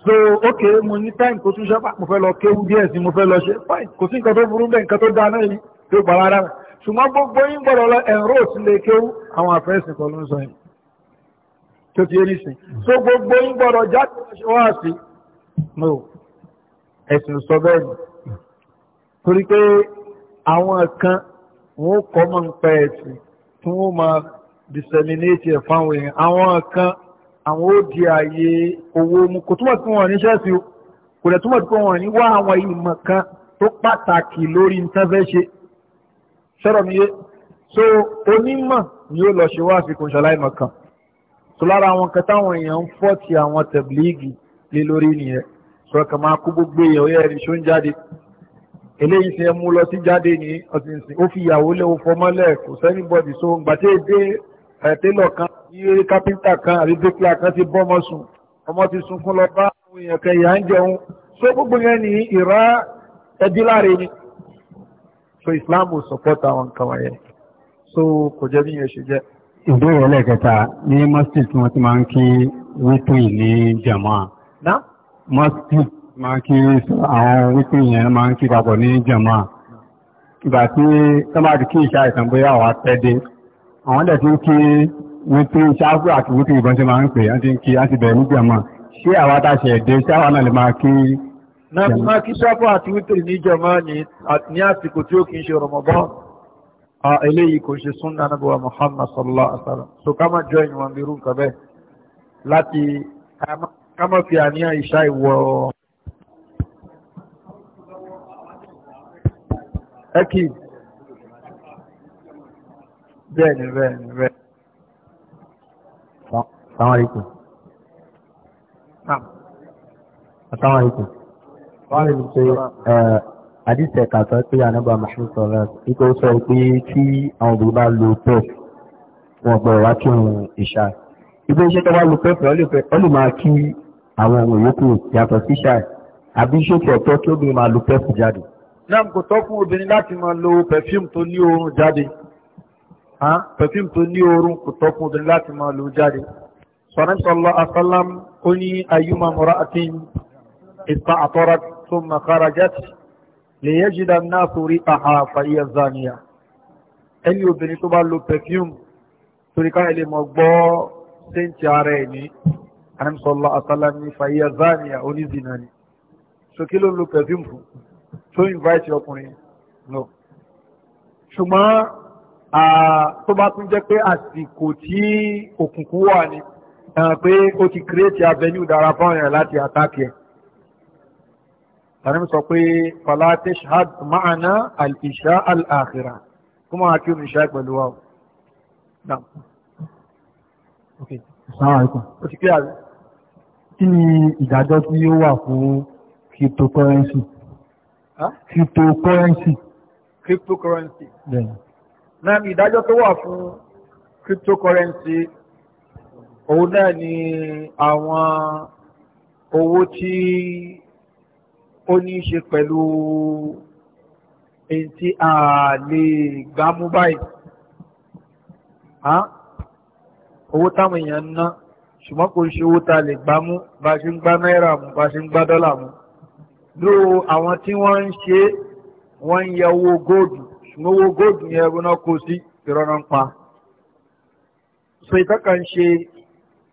so ok mo ní time tó tún ṣọ́pà mo fẹ́ lọ kéwú díẹ̀ sí mo fẹ́ lọ ṣe fine kò sí nǹkan tó burú bẹ́ẹ̀ nǹkan tó da náà yìí tó gbà rárá rẹ̀ ṣùgbọ́n gbogbo yín gbọ́dọ̀ lọ ẹ̀rọ sí lè kéwú àwọn àfẹ́sìn kan ló ń sọ yìí tó ti rí sìn so gbogbo yín gbọ́dọ̀ jáde ṣe wá sí no ẹ̀sìn sọ bẹ́ẹ̀ ni torí pé àwọn kan wọn kọ́ mọ̀ ń pẹ́ ẹ̀sìn tí wọ́n máa disseminate ẹ̀ fáwọn èèyàn àwọn kan àwọn ó di ààyè owó mú kò túmọ̀ sí wọn ní ṣẹ́ẹ̀sì o kò dẹ̀ túmọ̀ sí pé wọn ní wá àwọn ìmọ̀ kan tó pàtàkì lórí nǹkan ṣe ṣọ́rọ̀ mi yé so onímọ̀ ni ó lọ ṣe wá àfikún ṣaláìmọ̀ kan so lára àwọn kan táwọn èèyàn ń fọ́ ti àwọn tẹ̀blíìgì lé lórí nìyẹn sọ̀rọ̀ kan máa kú gbogbo èèyàn oyè ẹ̀rí ṣó ń jáde eléyìí ṣe mú lọ sí jáde ní ọ̀sìn ìsìn ó fi ìyàwó lé ó kò sẹ́ni so ìgbà tí èdè tẹ́lọ̀ kan yíyé kápẹ́ńtà kan àbí bíkílà kan ti bọ́mọ sùn ọmọ ti sunkún lọ bá àwọn èèyàn kan ìyá ń jẹun so gbogbo yẹn ní ìrá ẹdí láre ni so Islam ò sọpọ́tà àwọn nǹkan wọ̀nyẹn so kò jẹ́ bí yẹn ṣe jẹ́. ìbéèrè ẹlẹ́kẹta ní mosque tí wọ́n ti máa ń kí wípé ní jama mosque máa ń kí àwọn wípé yẹn máa ń kí papọ̀ ní jama ìgbà tí tọ́mọ̀tì kí ìṣá ìtàn bóyá àwọn atẹ́dé àwọn dẹ̀ ti ń kí wípé ṣáájú àti wípé ìbọn ṣe máa ń pè àti kí á ti bẹ̀rẹ̀ ní jẹ̀mọ́ ṣé àwa tá ṣe ẹ̀dẹ́ ṣáwà náà lè máa kí náà kí ṣáájú àti wípé ní jẹ̀mọ́ ní àsìkò tí ó kì í ṣe Ramadan Muhammad sallallahu alaihi wasallam so ká má jọ ìwọ̀n bí irú nǹkan bẹ́ẹ̀ láti ká má fi bẹ́ẹ̀ni bẹ́ẹ̀ni bẹ́ẹ̀. Assalamu alaikum. Assalamu alaikum. Wọ́n lè ṣe àdìsẹ̀ kàtọ́ pé ànábà Mahmoud Sọ̀rọ̀ ikọ̀ sọ pé tí àwọn obìnrin bá lo pẹ́ẹ̀f wọn gbọ́dọ̀ wá kí òun ìṣá. Ibi iṣẹ́ tó bá lo pẹ́ẹ̀f ọ lè máa kí àwọn ohun yòókù yàtọ̀ sí ṣá àbí iṣẹ́ tí ọ̀tọ́ kí obìnrin máa lo pẹ́ẹ̀f jáde. Náà kò tọ́ fún obìnrin láti máa lo pẹ̀fíùm tó ní oorun jáde perfume tó ní oorun kò tọ́ fún obìnrin láti máa lò jáde sọ̀rọ̀ sọ̀lọ́ asálám ó ní ayúmọ̀ mọ́ra àti ìta àtọ́ra tó makara jáde lè yẹ jìdá náà sórí àhà fàyè zaniya ẹni obìnrin tó bá lo perfume torí káyọ̀ lè mọ̀ gbọ́ sẹ́ǹtì ara ẹ̀ ní anamsọ́lá asálám ní fàyè zaniya onízìnà ni so kí ló ń lo perfume fún tó invite ọkùnrin no ṣùgbọ́n tó bá tún jẹ́ pé àsìkò tí òkùnkùn wà ní pé ó ti kírètì avenue dára fáwọn èèyàn láti àtàkì ẹ̀ tàbí sọ pé fala tashhad ma'ana al-isha al-akhira kó máa kí omi ìṣá pẹ̀lú wa ó ti kíyà rẹ̀. kí ni ìdájọ́ tí ó wà fún cryptocurrency? cryptocurrency. cryptocurrency náà ní ìdájọ́ tó wà fún cryptocurrency òun náà ni àwọn owó tí ó ní í ṣe pẹ̀lú èyí tí a lè gbá mú báyìí owó táwọn èèyàn ń ná ṣùgbọ́n kò ṣe owó ta lè gbá mú bá ṣe ń gbá náírà mú bá ṣe ń gbá dọ́là mú lóò àwọn tí wọ́n ń ṣe wọ́n ń yẹ owó góòdù ṣùgbọ́n owó góòdù yẹn ẹbí náà kó sí ìrọ̀rọ̀ ń pa so ìtọ́ka ń ṣe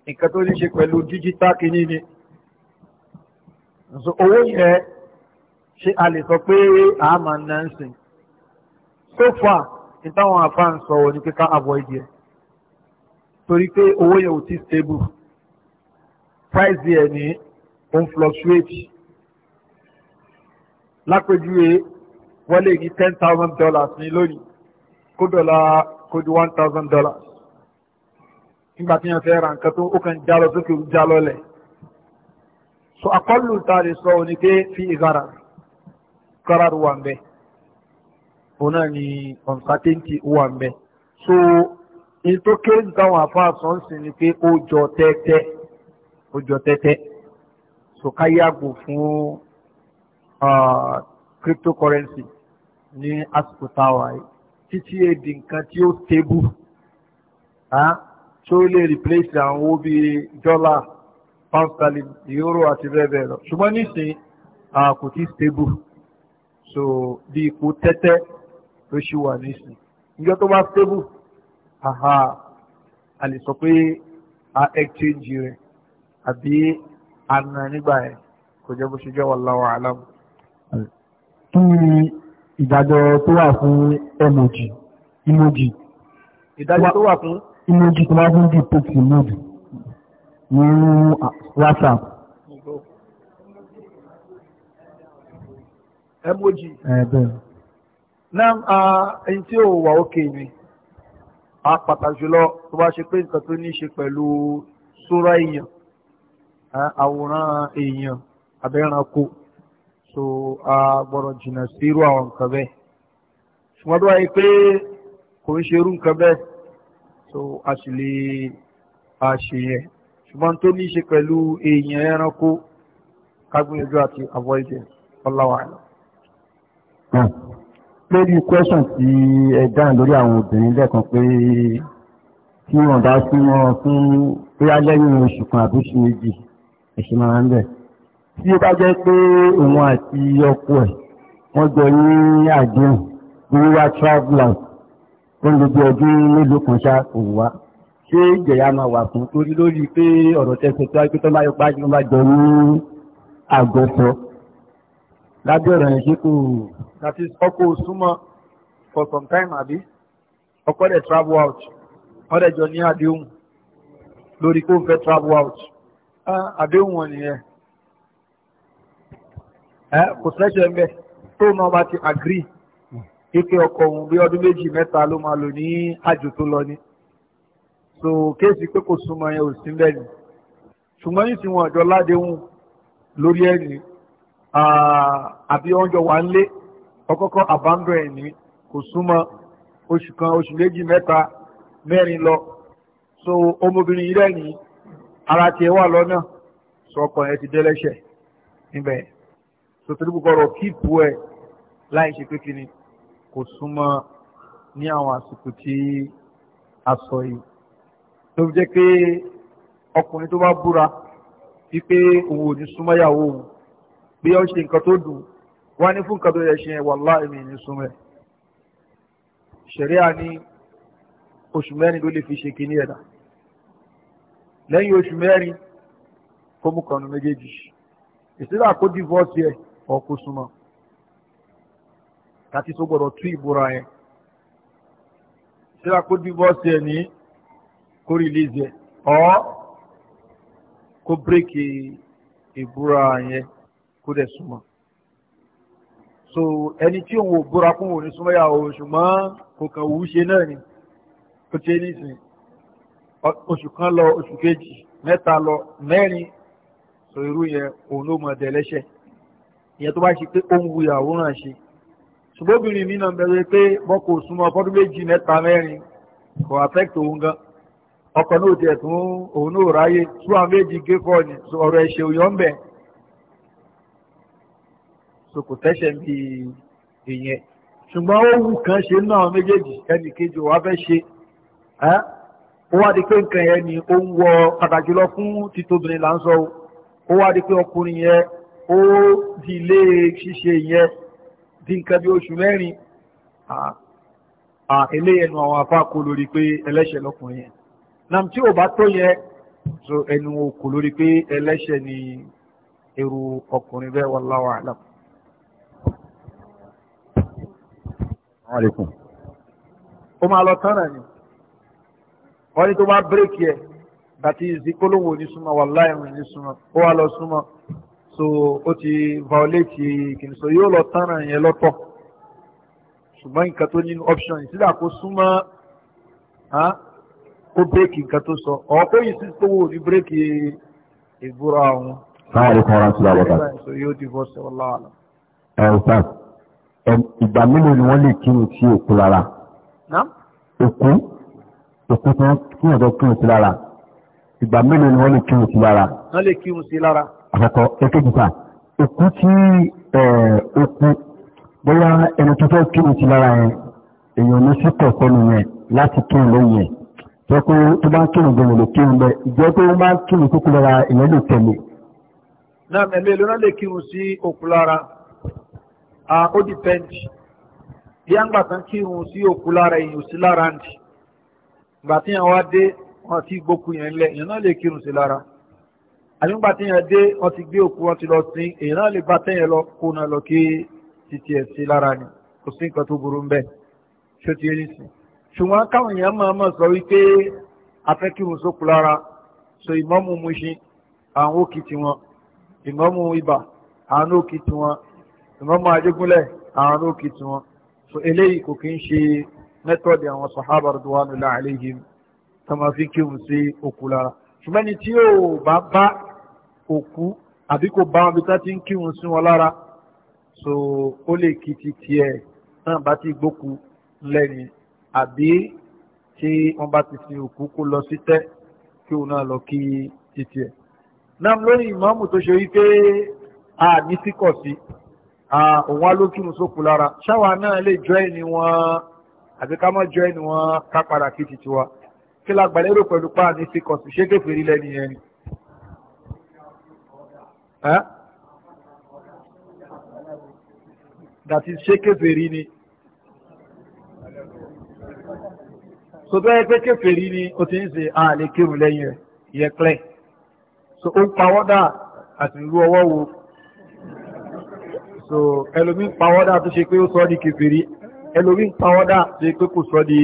nǹkan tó ní ṣe pẹ̀lú díjítà kìíní ni so owó yẹn ṣe a lè sọ pé àmà náà ń sìn so far ìtàwọn àfa ń sọ ò ní kíkà avoid yẹn torí pé owó yẹn ò ti stable price yẹn ni ó ń fluctuate lápèjúwe wọ́n lè ní ten thousand dollars ní lónìí kó dọ̀la kó di one thousand dollars nígbà tí yẹn fẹ́ ra nǹkan tó ó kàn já lọ sókè ó já lọ́lẹ̀ so àkọlù ta lè sọ òní pé fi ìgbára kọ́ra wà ń òun náà ni uncertainty wà ń so èyí tó kéré ní táwọn àfáàsán sì ni pé ó jọ tẹ́tẹ́ ó jọ tẹ́tẹ́ so ká yàgò fún ah, cryptocurrency ní àsìkò táwa yìí títí èdè nǹkan tí ó stable tí ó lè replace àwọn owó bíi dọ́là pound sterling euro àti bẹ́ẹ̀ bẹ́ẹ̀ lọ ṣùgbọ́n nísìnyí kò tí stable so bí ipò tẹ́tẹ́ ló ṣì wà nísìnyí ìjọ tó bá stable aha a lè sọ pé a exchange rẹ̀ àbí àna nígbà yẹn kò jẹ́ bó ṣe jẹ́ wallahu alam ìdájọ́ tó wà fún emoji emoji ìdájọ́ tó wà fún emoji tó máa fún di post emoji ní whatsapp emoji ẹ̀ẹ́dẹ̀ náà ẹni tí ó wà ókè ni a pàtàkì jùlọ tó bá ṣe pé nǹkan tó ní ṣe pẹ̀lú sóra èèyàn àwòrán èèyàn abẹ́ranko so a gbọ́dọ̀ jìnnà sí irú àwọn nǹkan bẹ́ẹ̀ ṣùgbọ́n tó wáyé pé kò ń ṣe irú nǹkan bẹ́ẹ̀ so a sì lè a ṣe yẹn ṣùgbọ́n tó ní ṣe pẹ̀lú èèyàn ẹranko kágbìyànjú àti avoid it ọláwà àlọ́. lórí question tí ẹ dáhùn lórí àwọn obìnrin lẹ́ẹ̀kan pé tí wọ́n bá súnmọ́ fún bóyá lẹ́yìn oṣù kan àbí méjì ẹ̀ṣẹ̀ máa ń bẹ̀ tí ó bá jẹ́ pé òun àti ọkọ ẹ̀ wọ́n jọ ní àdéhùn wíwá travelers tó ń lo ọdún mélòó kan ṣá kò wá ṣé ìjẹ̀yà máa wà fún torí lórí pé ọ̀rọ̀ tẹ̀sẹ̀ tó wáyé tó máa bá jọ ní àgọ́sọ lábẹ́ ọ̀rọ̀ yẹn ṣe kò àti ọkọ súnmọ́ for some time àbí ọkọ dẹ̀ travel out wọ́n dẹ̀ jọ ní àdéhùn lórí kó fẹ́ travel out ah, àdéhùn wọn nìyẹn kò sẹ́sẹ̀ mẹ́ tó náà bá ti agree ike ọkọ òun bí ọdún méjì mẹ́ta ló máa lò ní àjò tó lọ ni so kéèsì pé kò súnmọ́ yẹn ò sí bẹ́ẹ̀ ni ṣùgbọ́n ní tiwọn ọ̀dọ́ ládéhùn lórí ẹ̀yìn àbí oúnjẹ wà ń lé ọkọ́kọ́ àbámbẹ̀ ẹ̀yìn kò súnmọ́ oṣù kan oṣù méjì mẹ́ta mẹ́rin lọ so ọmọbìnrin yìí rẹ̀ ní ara tiẹ̀ wà lọ́nà sọ ọkọ yẹn ti dẹ́lẹ́ṣẹ̀ níbẹ̀ yẹn sotori gbọdọ̀ kíìpù ẹ̀ láì ṣe pé kíni kò súnmọ́ ní àwọn àsìkò tí a sọ yìí tó fi jẹ́ pé ọkùnrin tó bá búra wípé òun ò ní súnmọ́ ìyàwó òun bí ó ṣe nǹkan tó dùn wá ní fún nǹkan tó yẹ ṣe ẹ̀ wàláhì mi ní súnmọ́ ẹ̀ ṣẹ̀ríà ní oṣù mẹ́rin ló lè fi ṣe kíní ẹ̀dá lẹ́yìn oṣù mẹ́rin kó mú kànú méjèèjì ìsílà divorce ẹ̀ ọkú súnmọ́ kàti tó gbọ́dọ̀ tú ìbúra yẹn síra kó divorce ẹ̀ ní kó release ẹ̀ ọ́ kó bírèkì ìbúra yẹn kó dẹ̀ súnmọ́ so ẹni tí òun ò búra kún òun ní súnmọ́ yà ó ṣùgbọ́n kò kàn wù ú ṣe náà ni kò ṣe nísìnyí oṣù kan lọ oṣù kejì mẹ́ta lọ mẹ́rin so irú yẹn òun ló mọ̀ ọ́ lẹ́sẹ̀ ìyẹn tó bá ṣe pé ó ń wu àwòrán ṣe ṣùgbọ́n obìnrin mi náà bẹ̀rẹ̀ pé bọ́kọ̀ súnmọ́ ọdún méjì mẹ́ta mẹ́rin kò affect òun gan ọkọ̀ náà tiẹ̀ tún òun náà ráyè tú àwọn méjì gé fọ́ ni ọ̀rọ̀ ẹ̀ṣẹ̀ òyọ́ ń bẹ̀ so kò tẹ́ṣẹ̀ bí ìyẹn ṣùgbọ́n ó wù kàn ṣe náà méjèèjì ẹnì kejì wàá fẹ́ ṣe ó wá di pé nǹkan yẹn ni ó ń wọ pàtàkì lọ fún títóbìnrin là ń sọ ó wá di pé ọkùnrin yẹn ó dilé ṣíṣe yẹn di nǹkan bí oṣù mẹ́rin eléyẹnu àwọn afá kò lórí pé ẹlẹ́ṣẹ̀ lọ́kùnrin yẹn nam tí ò bá tó yẹ so ẹnu kò lórí pé ẹlẹ́ṣẹ̀ ni irú ọkùnrin bẹ́ẹ̀ wallahu a'lam. alaikum. ó máa lọ tán náà ni wọ́n ní tó bá bírèkì ẹ̀ bàtí ìzíkólówó ní súnmọ́ wàláì ní súnmọ́ ó wá lọ súnmọ́ so ó ti violate kìnnì so yóò lọ tán náà yẹn lọ́tọ̀ ṣùgbọ́n nǹkan tó nínú option ìsílẹ̀ kó súnmọ́ ó bírèkì nǹkan tó sọ ọ̀ ó yìí sí tówó ní bírèkì ìbúra ọ̀hún. sáàrì kan rántí lọ bọ́tà. so yóò divorce ọ̀la àlọ́. ẹ ò sáà ìgbà mélòó ni wọ́n lè kírun tí òkú lára. òkú òkú tí wọ́n kírun tó kírun lára ìgbà mélòó ni wọ́n lè kírun sí lára. wọ́n lè kírun sí lára. àkọ́kọ́ èkejì ta òkú tí òkú bóyá ẹni tó fẹ́ kírun sí lára yẹn èèyàn ní sí pọ̀pọ̀ nìyẹn láti kírun lóyún yẹn sọ pé tó bá ń kírun gbọ̀ngàn lè kírun bẹ́ẹ̀ ìjẹ́ pé wọ́n bá ń kírun kókó lára ìyẹn lè tẹ̀lé. náà mẹ́lẹ́ ló náà lè kírun sí òkú lára ó dìpẹ́ǹdì bí àǹgbà kan kírun sí òkú lára èèyàn sí lára ǹdì wọn ti gbókù yẹn lẹ̀ èèyàn náà lè kírun sí lára àyùngbà tí yẹn dé wọn ti gbé òkú wọn ti lọ sin èèyàn náà lè bá tẹ́yẹn lọ kó náà lọ kí títí ẹ̀ sí lára ni kò sí nǹkan tó burú ń bẹ̀ ti rí sí ṣùgbọ́n káwọn èèyàn máa mọ̀ sọ wípé afẹ́kírun sókù lára so ìmọ̀mù Mushin àwọn òkì tiwọn ìmọ̀mù ibà àwọn òkì tiwọn ìmọ̀mù Adégúnlẹ̀ àwọn òkì tiwọn so eléyìí kò kí ń ṣe mẹ́tọ́ọ̀dì àwọn sàhábà rẹ̀ tó wà nílẹ̀ àlẹ́yìn tó máa fi kírun sí òkú lára ṣùgbọ́n ẹni tí yóò bá bá òkú àbí kò bá wọn bí tá ti ń kírun sí wọn lára so ó lè kí ti tiẹ̀ náà bá ti gbókú lẹ́yìn àbí tí wọ́n bá ti sin òkú kó lọ sí tẹ́ kí òun náà lọ kí títí ẹ̀. náà lórí ìmáàmù tó ṣe wípé a ní síkọ̀ sí òun á ló kírun sókù lára ṣáwa náà lè jọ ẹni wọn àbí ká má jọ ẹni wọn ká padà kí títí wa kí la gbàlérò pẹ̀lú pa ní sí kọ̀sì ṣé kéferì lẹ́ni yẹn ni. dàtí ṣé kéferì ni. sọtọ́ yẹ pé kéferì ni o ti ń ṣe àlè kírun lẹ́yìn rẹ̀ yẹ so ó ń pawọ́dà àti irú ọwọ́ wo so ẹlòmí ń pawọ́dà tó ṣe pé ó sọ di kéferì ẹlòmí ń pawọ́dà tó ṣe pé kò sọ di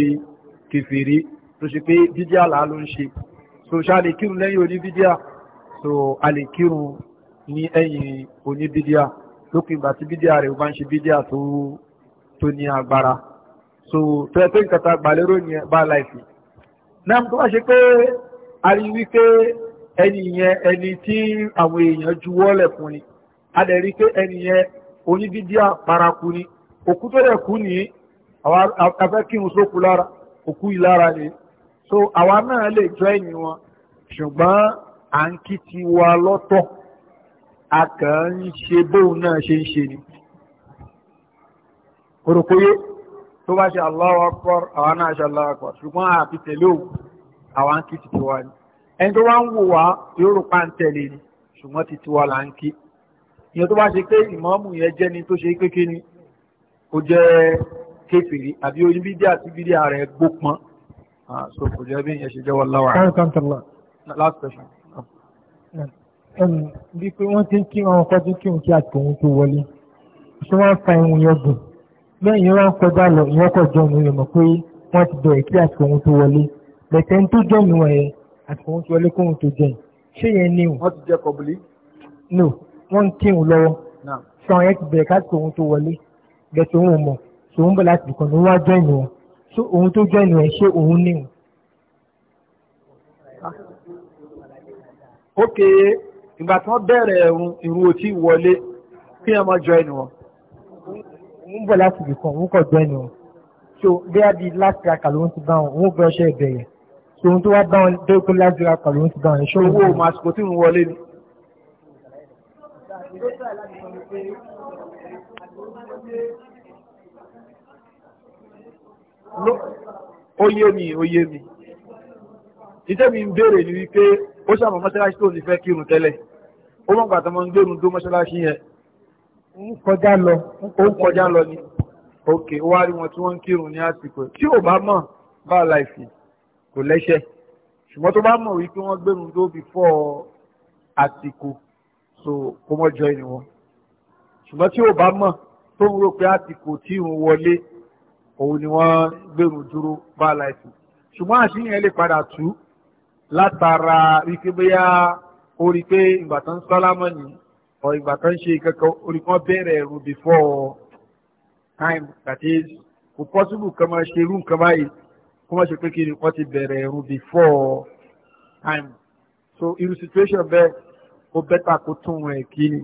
kéferì tó ṣe pé bídíà làá ló ń ṣe so ṣá lè kírun lẹ́yìn oníbídíà so a lè kírun ní ẹ̀yìn oníbídíà lópin ìgbà tí bídíà rẹ̀ bá ń ṣe bídíà tó tó ní agbára so tó ẹ pé nǹkan tá gbà lérò yẹn bá láìsí náà tó wá ṣe pé a rí wípé ẹni yẹn ẹni tí àwọn èèyàn juwọ́lẹ̀ fún ni a dẹ̀ rí pé ẹni yẹn oníbídíà paraku ni òkú tó yẹ kú nìyí àwọn afẹ́kírun sókú lára òkú yìí lára nìyí so àwa náà lè jọ ẹ̀yìn wọn ṣùgbọ́n à ń kí ti wa lọ́tọ̀ a kàn ń ṣe bóun náà ṣe ń ṣe ni kòròkóyé tó bá ṣe Allahu Akbar àwa náà ṣe Allahu Akbar ṣùgbọ́n àfi tẹ̀lé òun àwa ń kí ti tiwa ni ẹni tó wá ń wò wá yóò rò pa ń tẹ̀lé ni ṣùgbọ́n ti tiwa là ń kí ìyẹn tó bá ṣe pé ìmáàmù yẹn jẹ́ni tó ṣe kékeré ni ó jẹ́ kéfèrè àbí oníbídíà tí bídíà rẹ̀ gbópọn Ah, so kò jẹ́ bí ìyẹn ṣe jẹ́wọ́ láwà. kárí kàńtà lọ. last question. bí pé wọ́n ti ń kí wọn kọjú kí wọn kí àtòun tó wọlé ṣé wọ́n fa ìwọ̀n yẹn gùn lẹ́yìn wọn kọjá lọ ìyẹn kọ̀ jọ òun yẹn mọ̀ pé wọ́n ti bẹ̀rẹ̀ kí àtòun tó wọlé bẹ̀tẹ̀ ń tó jọ òun ẹ̀ àtòun tó wọlé kóhun tó jẹ ṣé yẹn ní o. wọ́n ti jẹ kọ̀bùlí. no wọ́n ń kí wọn lọ́wọ́ sọ yẹn ti bẹ̀rẹ̀ ká àtòun tó wọlé bẹ̀tẹ̀ ṣé òun tó jẹ́ ènìyàn ṣé òun ní. ok ìgbà tí wọ́n bẹ̀rẹ̀ ẹ̀rùn ìrùn òtí wọlé kí wọ́n máa jọ ènìyàn. òun bọ̀ láti ibì kan òun kọ̀ jọ ènìyàn so bí a di last track ló ń ti bá wọn òun bọ̀ ṣe ìbẹ̀yẹ̀ so ohun tó wá bá wọn dé pé last track ló ti bá wọn. owó màsìkò tí ń wọlé ni. Thank you ó yé mi ó mi ìtẹ́ mi ń béèrè ní wípé ó sàmọ́ mọ́ṣáláṣí tó ní fẹ́ kírun tẹ́lẹ̀ ó mọ̀ gbàtọ́ mọ́ ń gbérun tó mọ́ṣáláṣí yẹn ń kọjá lọ ó ń kọjá lọ ni ok ó wá rí wọn tí wọ́n ń kírun ní àsìkò tí ò bá mọ̀ bá láìsí kò lẹ́ṣẹ̀ ṣùgbọ́n tó bá mọ̀ wípé wọ́n gbérun tó bí àsìkò so kó mọ́ jọ ìnìwọ̀n ṣùgbọ́n tí ò bá mọ̀ tó ń rò pé àsìkò tí òun wọlé òun ni wọ́n gbèrú dúró bá láìsí ṣùgbọ́n àṣìyàn lè padà tú látara wípé bóyá ó rí i pé ìgbà tó ń sálámọ̀ ni ọ̀ ìgbà tó ń ṣe kankan orí kan bẹ̀rẹ̀ ẹ̀rù before time that is kò possible kan máa ṣe irú nǹkan báyìí kó má ṣe pé kí ni ti bẹ̀rẹ̀ ẹ̀rù before time so irú situation bẹ́ẹ̀ ó bẹ́tà kó tún ẹ̀ kí ni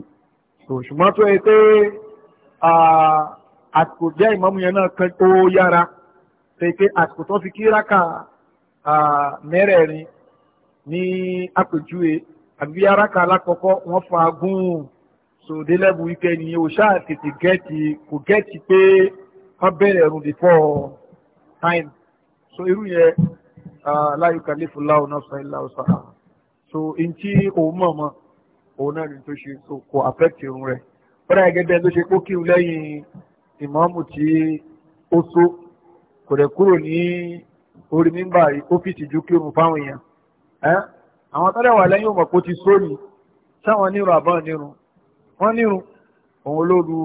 so ṣùgbọ́n tó yẹ pé. Ah, àsìkò jẹ́ ìmámù yẹn náà kan ó yára pèké àsìkò tó fi kí rákà mẹ́rẹ̀ẹ̀rin ní àpèjúwe àbí rákà alákọ̀ọ́kọ́ wọ́n fa gún sòdé lẹ́bù ni ó ṣáà tètè gẹ́ẹ̀tì kò gẹ́ẹ̀tì pé wọ́n bẹ̀rẹ̀ ẹ̀rùn before time so irú yẹn la yukallifu llahu nafsan illa wus'aha so ntí òun mọ̀ mọ́ òun náà ni tó ṣe kò affect irun rẹ̀ ó dàgẹ́ bẹ́ẹ̀ tó ṣe kó lẹ́yìn ìmáàmù tí ó só kò dẹ̀ kúrò ní orí mímbà ọ́fíìsì ju kí òun fáwọn èèyàn àwọn tọ́lẹ̀ wà lẹ́yìn òmọ̀ kó ti só ni sáwọn nírun àbọ̀ nírun wọ́n nírun òun olóru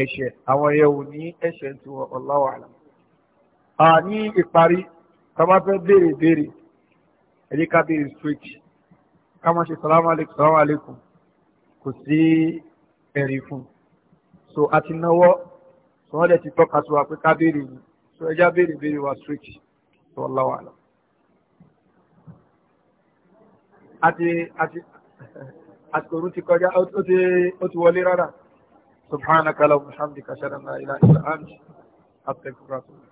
ẹ̀ṣẹ̀ àwọn ẹ̀yẹ ò ní ẹ̀ṣẹ̀ tí Allahu a'lam. a ní ìparí ká bá fẹ́ béèrè béèrè ẹ̀dí ká béèrè straight ká má ṣe salamu alaykum salamu alaykum kò sí ẹ̀rí fún un so àti náwó so wọ́n dẹ̀ ti tọ́ka sí wa pé ká béèrè yìí so ẹja béèrè béèrè wa straight so wallahu a'lam. àti àti àti òru ti kọjá ó ti wọlé rárá subhanaka lahumma hamdika ashhadu an la ilaha illa anta